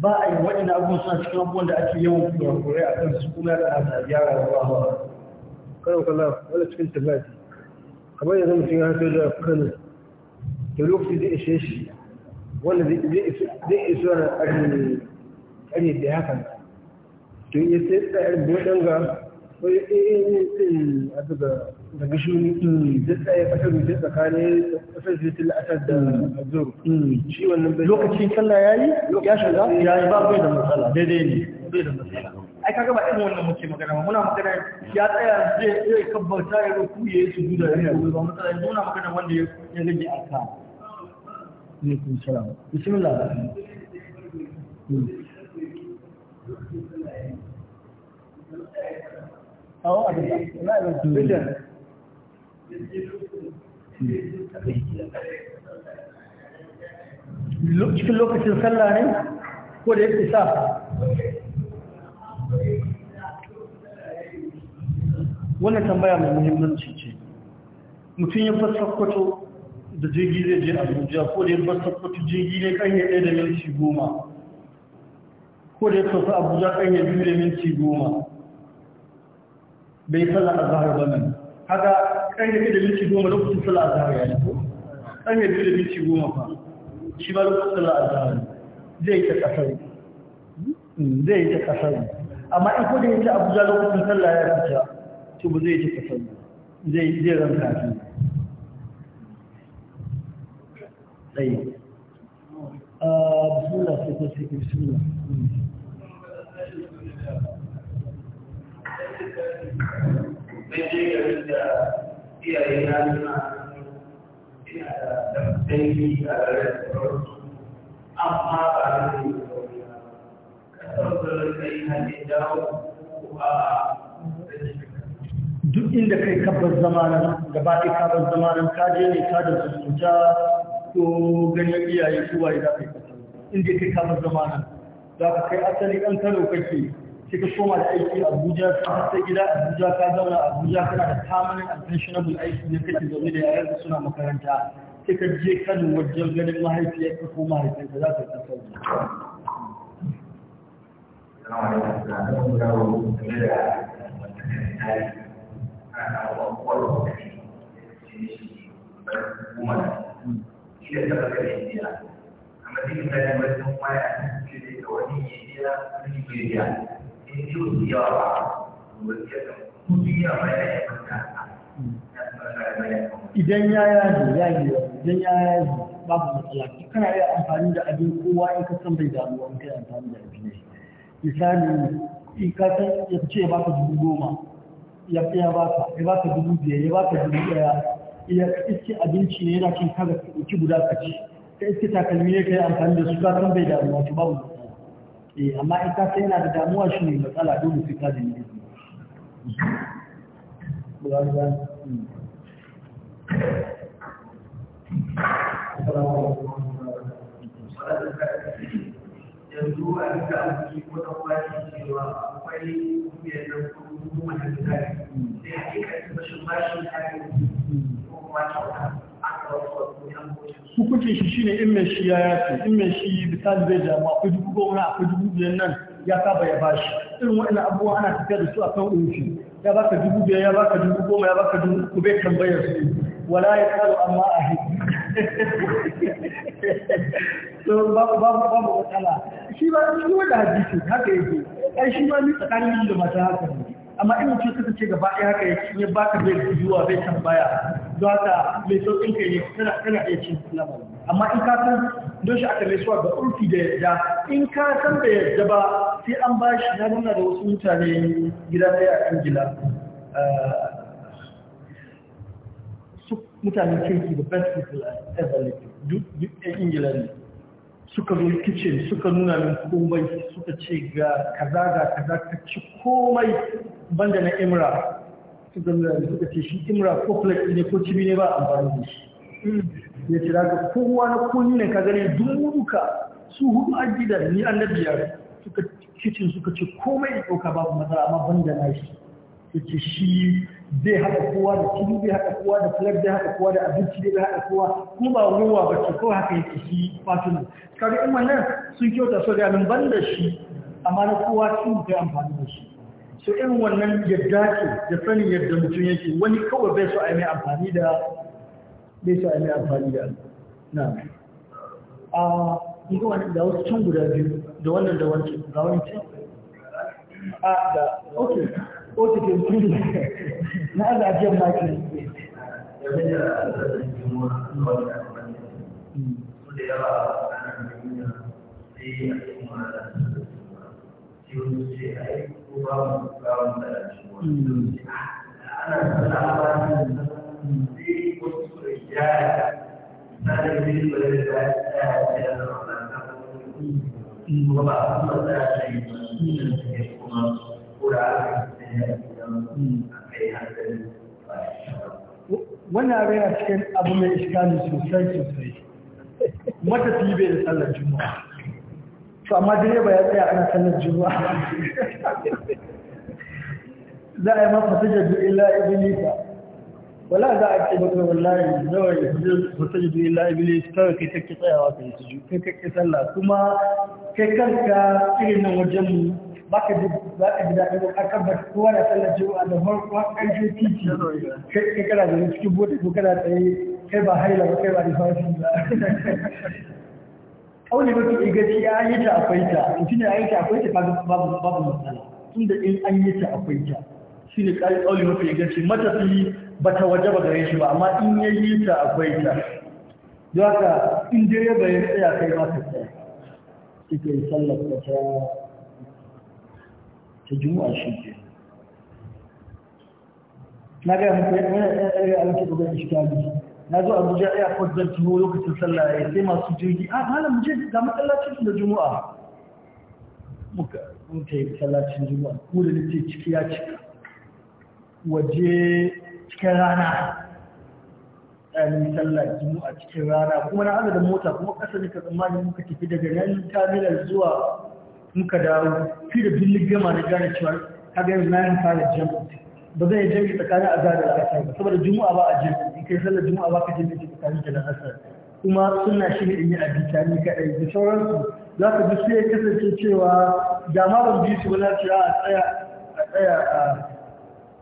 ba a yi waɗanda abubuwan suna cikin abubuwan da ake yawan kurakurai a kan su kuma da ana gyara da ba hawa karin kala wanda cikin tabbaci kamar yanzu
mutum ya haifar da kano da lokaci zai ishe shi wanda zai iso na ƙarni da hakan to ya sai tsayar da ga. daga shi duk ya fasar mutu tsakanin fasar zai la'asar da zuru shi wannan bai lokacin sallah ya yi ya shiga ya yi ba bai da matsala daidai ne
bai da matsala ai kaga ba irin wannan muke magana ba muna magana ya tsaya zai zai kabbata ya roku ya yi su guda ya yi ba matsala yanzu muna magana wanda ya rage aka ne kun salam bismillah awo a na cikin lokacin sallah ne ko da yake sa wannan tambaya mai muhimmanci ce mutum ya fasakwato da jirgi zai je abuja ko da ya fasakwato jirgi ne kanye ɗaya da minti goma ko da ya fasa abuja kanye biyu da minti goma bai sallar azhar ba nan haka kan da da minti goma lokacin sallar azhar ya ko kan da da minti goma fa shi ba lokacin sallar azhar zai ta kasar hmm, zai ta kasar amma in kodin yake abuja lokacin sallah ya fita to ba zai ta kasar zai zai ranka shi sai bismillah sai ko sai bismillah hmm.
daidai da iyaye na suna ina da damtaki a amma ba yi da dawo ko a
duk inda kai kabbar zamanin gaba ɗaya kabbar zamanin kaje ne ka da zumunta ko ganin iyaye suwaye za ka yi kasar inda kai kabbar zamanin za ka kai asali ɗan kano kake sai ka koma da aiki abuja sai gida abuja ka zauna abuja kana da permanent and pensionable aiki ne kake zaune da yayan suna makaranta sai ka je kano wajen ganin mahaifiyarka ko mahaifinka za ka ta sauki
Ila ta baka da indiya, amma zai misali wani kuma ya ce da wani indiya, wani indiya, in ya ya idan ya yaji ya
yi idan ya yaji babu matsala kana iya amfani da abin kowa in ka san bai damuwa in kai amfani da abin ne misali in ka san ya ce ya baka dubu goma ya ya baka ya baka dubu biyar ya baka dubu daya ya iske abinci ne yana cin kaga ki guda ka ci ka iske takalmi ne ka yi amfani da su ka san bai damuwa ki babu eh amma in ka sai yana da damuwa shi ne matsala dole sai ka da ne yanzu
a duka abuki ko ta kwashi cewa akwai kungiyar nan kuma da misali sai hakika ta bashin bashin ko kuma kyauta
hukuncin shi shine in mai shi ya yace in mai shi misali zai jama akwai dubu goma akwai dubu biyar nan ya saba ya bashi irin wa'annan abubuwa ana tafiya da su akan unfi ya baka dubu biyar ya baka dubu goma ya baka dubu uku bai tambayar su wala ya kalu amma a hidi so babu babu babu matsala shi ba shi wanda hadisi haka yake ai shi ma ni tsakanin da mata haka ne amma in mutum kasance gaba ɗaya haka yake ne ya baka bai zuwa bai tambaya don haka mai sauƙin kai ne kana kana iya cin lamarin amma in ka san don shi aka mai suwa ga urfi da yadda in ka san da yadda ba sai an ba shi na nuna da wasu mutane gida ɗaya a ingila eh, su mutanen kirki the best people ever lived duk ɗan ingila ne suka zo kicin, suka nuna min komai suka ce ga kaza ga kaza ka ci komai banda na imra suka nuna min suka ce shi imra ko flex ne ko cibi ne ba amfani da shi hmm. ya ce daga kowa na kunni ne ka gane duka, su hudu a gidan ni annabiyar suka kicin suka ce komai da ɗauka babu matsala amma banda na shi yace shi zai haɗa kowa da kini zai haɗa kowa da flag zai haɗa kowa da abinci zai haɗa kowa kuma ba ruwa ba ce kawai haka yake shi fatin kaga in wannan sun kyauta so da ban da shi amma na kowa sun kai amfani da shi so in wannan yadda ce da sanin yadda mutum yake wani kawai bai so a mai amfani da bai so a mai amfani da na a ah, ga wani da wasu can guda biyu da wannan da wancan ga can a ah, da ok.
ó ti fi kú lù náà lájẹ́ máa kì í. Thank you.
wannan abin a cikin abu mai iskali sosai sosai matafi bai da tsallar juma'a su amma direba ya tsaya ana tsallar juma'a za a yi mafi sajar la'ibin ibilisa wala za a ce baka wallahi zawai sajar du'ila ibilisa kawai kai kakki tsayawa kai su kai kakki tsalla kuma kai kanka irin nan wajen ba ka ji daɗi ba a tabbata kowa na sallar juma'a da farko har ƙarshe titi kai kana da cikin bude ko kana tsaye kai ba haila ba kai ba nifasi ba kauli mafi gaskiya an yi ta akwai ta mutum ya yi ta akwai ta babu babu matsala tunda in an yi ta akwai ta shine ne kauli mafi gaskiya matafi ba ta waje ba gare shi ba amma in ya yi ta akwai ta don ka in dai ya bayan tsaya kai ma ka tsaya kike sallar ta ta juma'a shi ke na ga muku ya eh, eh, eh, a ga gani shi na zo abuja airport zan tuno lokacin sallah ya sai masu jirgi a ah, malam mu je ga masallacin da juma'a muka muka yi masallacin juma'a ko da nace ciki ya cika waje cikin rana ɗanin sallah juma'a cikin rana kuma na da mota kuma ƙasa ne ka tsammani muka tafi daga nan tamilar zuwa muka dawo fi da billin gama na gane cewa kaga yanzu na yin fara jami'a ba zai jami'a tsakanin azhar da al'asar ba saboda juma'a ba a jami'a in kai sallar juma'a ba ka jami'a tsakanin da asar kuma suna shi ne in yi abita ne kaɗai da sauransu za ka ji ya kasance cewa da ma ban bi su wani cewa a tsaya a tsaya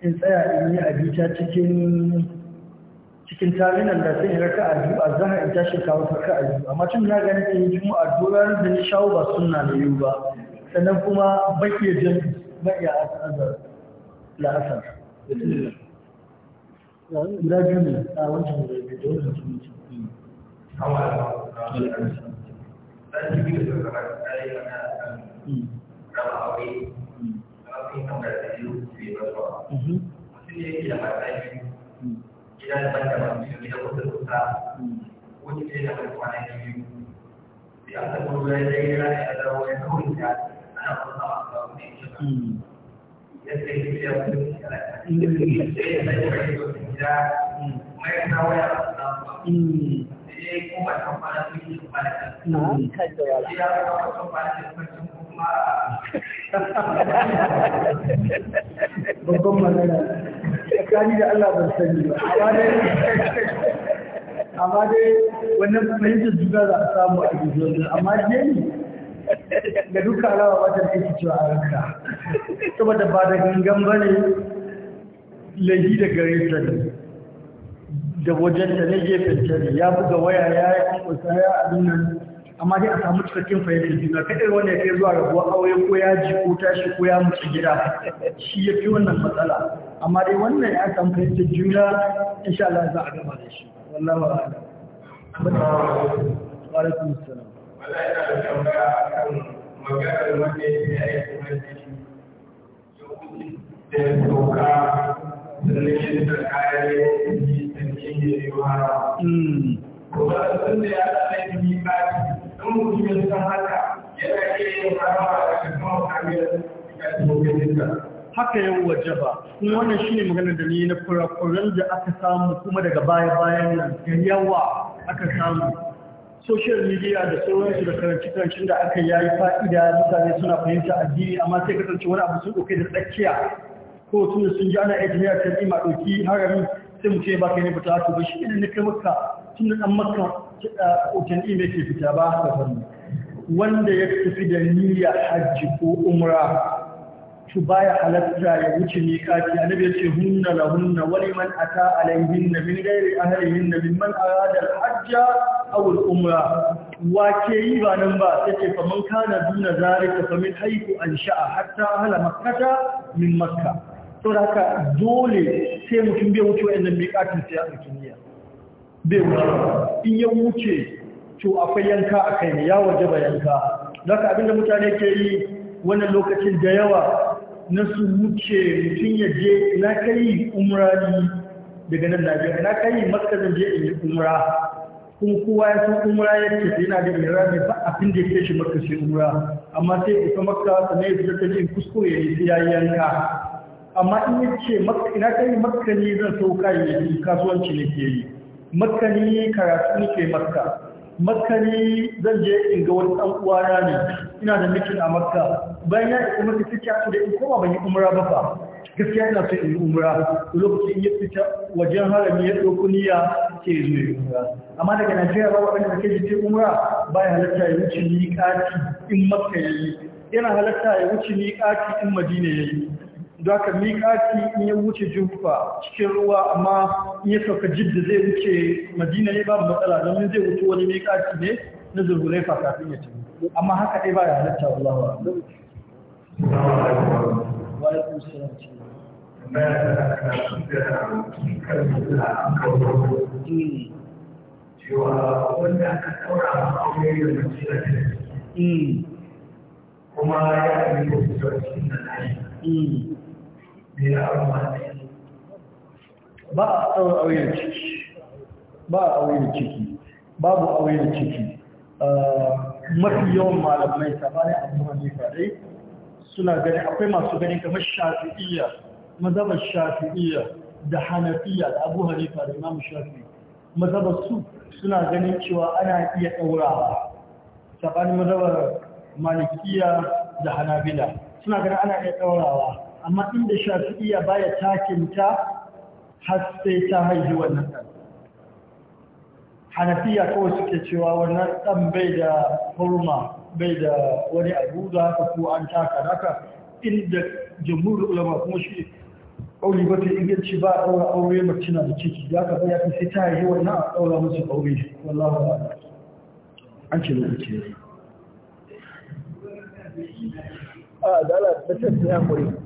in tsaya in yi abita cikin cikin tarihin da sai raka a biyu a zahar in tashi kawo raka a biyu amma tun na gani sai yi a doron da ni shawo ba sunna na yiwu ba sannan kuma bake jin ma'iya a azar la'asar guda biyu ne a wancan da biyu da
wancan sun mutu mm gida da banda ba su gida wata kusa wani ne da wani kwana biyu da an taɓa ruwa ya yi rana ya dawo ya kawai ya ana kuma a kawo ne ya ba yadda ya fi ya wani ya rana inda ya yi ya wani gida ya kawo ya ba su ya ba sai kuma ta kwana ya
ta ya ta tsakani da Allah ban sani ba amma dai amma dai wannan fahimtar juna za a samu a gizo amma jeni ga duka alawa wata da yake cewa a ranka saboda ba da gangan ba ne laifi da gare ta ne da wajen ta ne gefen ta ne ya buga waya ya yi kusa ya abin nan amma dai a samu cikakken fahimtar juna kadai wanda ya kai zuwa rabuwa aure ko ya ji ko tashi ko ya mutu gida shi ya fi wannan matsala amma dai wannan ya kan fahimta juna insha Allah za a gama da shi wallahi wa ala wa alaikum salam wallahi ina da tambaya akan maganar
wanda yake aikin hajji da doka sannan yin da kayan yi sannan yin yi wara kuma sun da ya yi hmm. ba in mutum ya san haka
yana yin harama da kuma kamar da kuma haka yau waje ba kuma wannan shine magana da ni na kurakuran da aka samu kuma daga baya bayan nan da yawa aka samu social media da sauransu da karanci karanci da aka yayi fa'ida mutane suna fahimta addini amma sai kasance wani abu sun ɗauke da tsakiya ko tun sun ji ana ijmiya ta ima ɗauki harami sai mu ce ba ka ne fita ta ba shi ne na kai maka tun da dan maka eh, otan mai ke fita ba haka wanda ya tafi da niyya hajji ko umra su baya halatta ya wuce miƙati annabi ya ce hunna la hunna wali man ata alaihinna min ghairi min man arada al-hajja aw al-umra wa ke yi ba nan ba sai fa man kana duna zalika fa min haythu ansha'a hatta ahla makkata min makka to da haka dole sai mutum bai wuce wannan miƙatin sai a duniya
bai wuce
in ya wuce to akwai yanka akai ne ya ba yanka haka abinda mutane ke yi wannan lokacin da yawa na su wuce mutum ya je na kai umra ni daga nan Najeriya na kai Makka zan je in yi umra kuma kowa ya san umra ya ce yana da umra ne ba abin da ya shi Makka umra amma sai ku kuma ka ya ta in kuskure ya yi ya yanka amma in ya ce ina kai Makka ne zan sauka ya yi kasuwanci ne ke yi Makka ne karatu ne ke Makka makani zan je in ga wani ɗan uwana ne ina da mikin a makka bayan ya isa maka sai da in koma ban yi umra ba fa gaskiya ina so in yi umra lokacin in ya fita wajen harami ya ɗauko niyya ke zo yi umra amma daga najeriya ba waɗanda da kai je umra Bayan halatta ya wuce ni kaci in makka ya yi yana halatta ya wuce ni kaci in madina ya yi zaka miƙa ki in ya wuce jufa cikin ruwa amma in ya sauka jidda zai wuce madina ne babu matsala don zai wuce wani ki ne na zurgurai fasafin ya tafi amma haka ɗai ba ya halatta wallahu wa a
da da kuma yi da na da
ya ba a tsawon auyar ciki ba a auyar ciki babu auyar ciki eh, mafi yawan malamai sabani abu hannu faɗai suna gani akwai masu gani kamar shafi'iyya mazhabar shafi'iyya da hanafiya da abu hanifa da imamu shafi mazhabar su suna ganin cewa ana iya ɗaurawa saɓanin mazhabar malikiya da hanabila suna ganin ana iya ɗaurawa amma inda shafi'iyya baya takinta har sai ta haihu wannan ɗan hanafiya kawai suke cewa wannan ɗan bai da hurma bai da wani abu da haka ko an taka haka inda jamhur ulama kuma shi aure ba ta inganci ba a ɗaura aure mace na da ciki ya ka ya ta sai ta haihu wannan a ɗaura musu aure wallahu a'lam an ce lokaci ne a dala ta tafiya kuri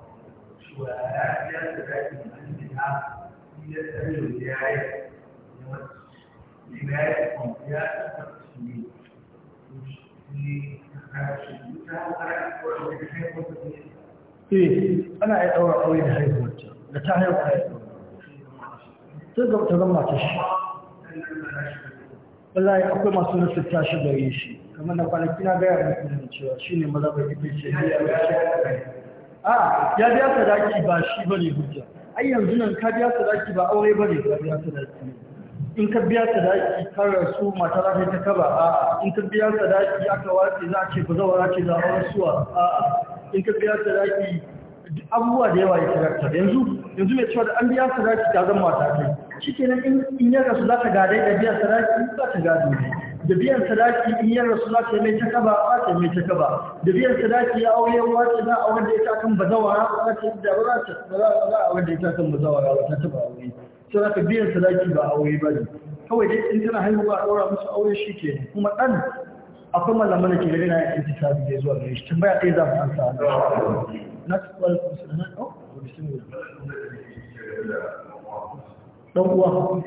ولا eh, يستطيع
ana iya ɗaura ƙauye da haihuwarta, da ta haihuwa haihuwa. Sai ta zama ta shi. Wallahi akwai masu nasu ta shi gare shi, kamar na kwanaki na gaya mutum cewa shi ne maza bai ita ne a ƙarshen
a ya biya
sadaki ba shi ba ne hujja ai yanzu nan ka biya sadaki ba aure ne ka biya sadaki in ka biya sadaki ka rasu mata za ta kaba a in ka biya sadaki aka wace za a ce ba zawara ce za a rasuwa a in ka biya sadaki abubuwa da yawa ya sadaki yanzu yanzu mai cewa da an biya sadaki ta zama mata shi kenan in ya rasu za ta gada da biya sadaki za ta ga ne da biyan sadaki in yin rasu za ta kaba, takaba ba ta mai takaba da biyan sadaki ya aure wa ta za a da ita kan bazawara ba ta da ba za ta za a ita kan bazawara ba ta taba aure sai za ka biyan sadaki ba aure ba ne kawai dai in tana haihuwa a ɗora musu aure shi ke kuma ɗan akwai malamai da ke gari na yin intisabi da zuwa gari shi tambaya ɗaya za mu an sa na kwal musulman ɗau ɗan uwa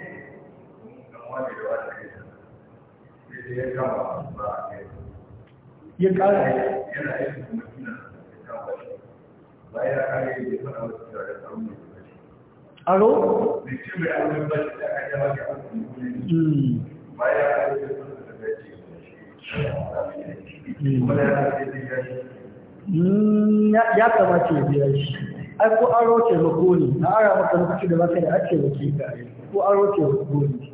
Hmm. ya ya
yana kuma ce
kamata shi ai ko aro ce na ara maka lokaci da baka da ake wakil ko aro ce rukuni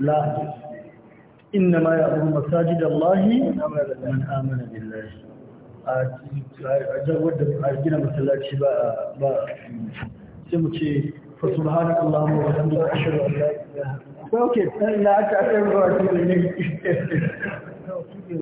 la inna ma ya'muru masajidallahi man amana billahi gina masallaci ba ba sai mu ce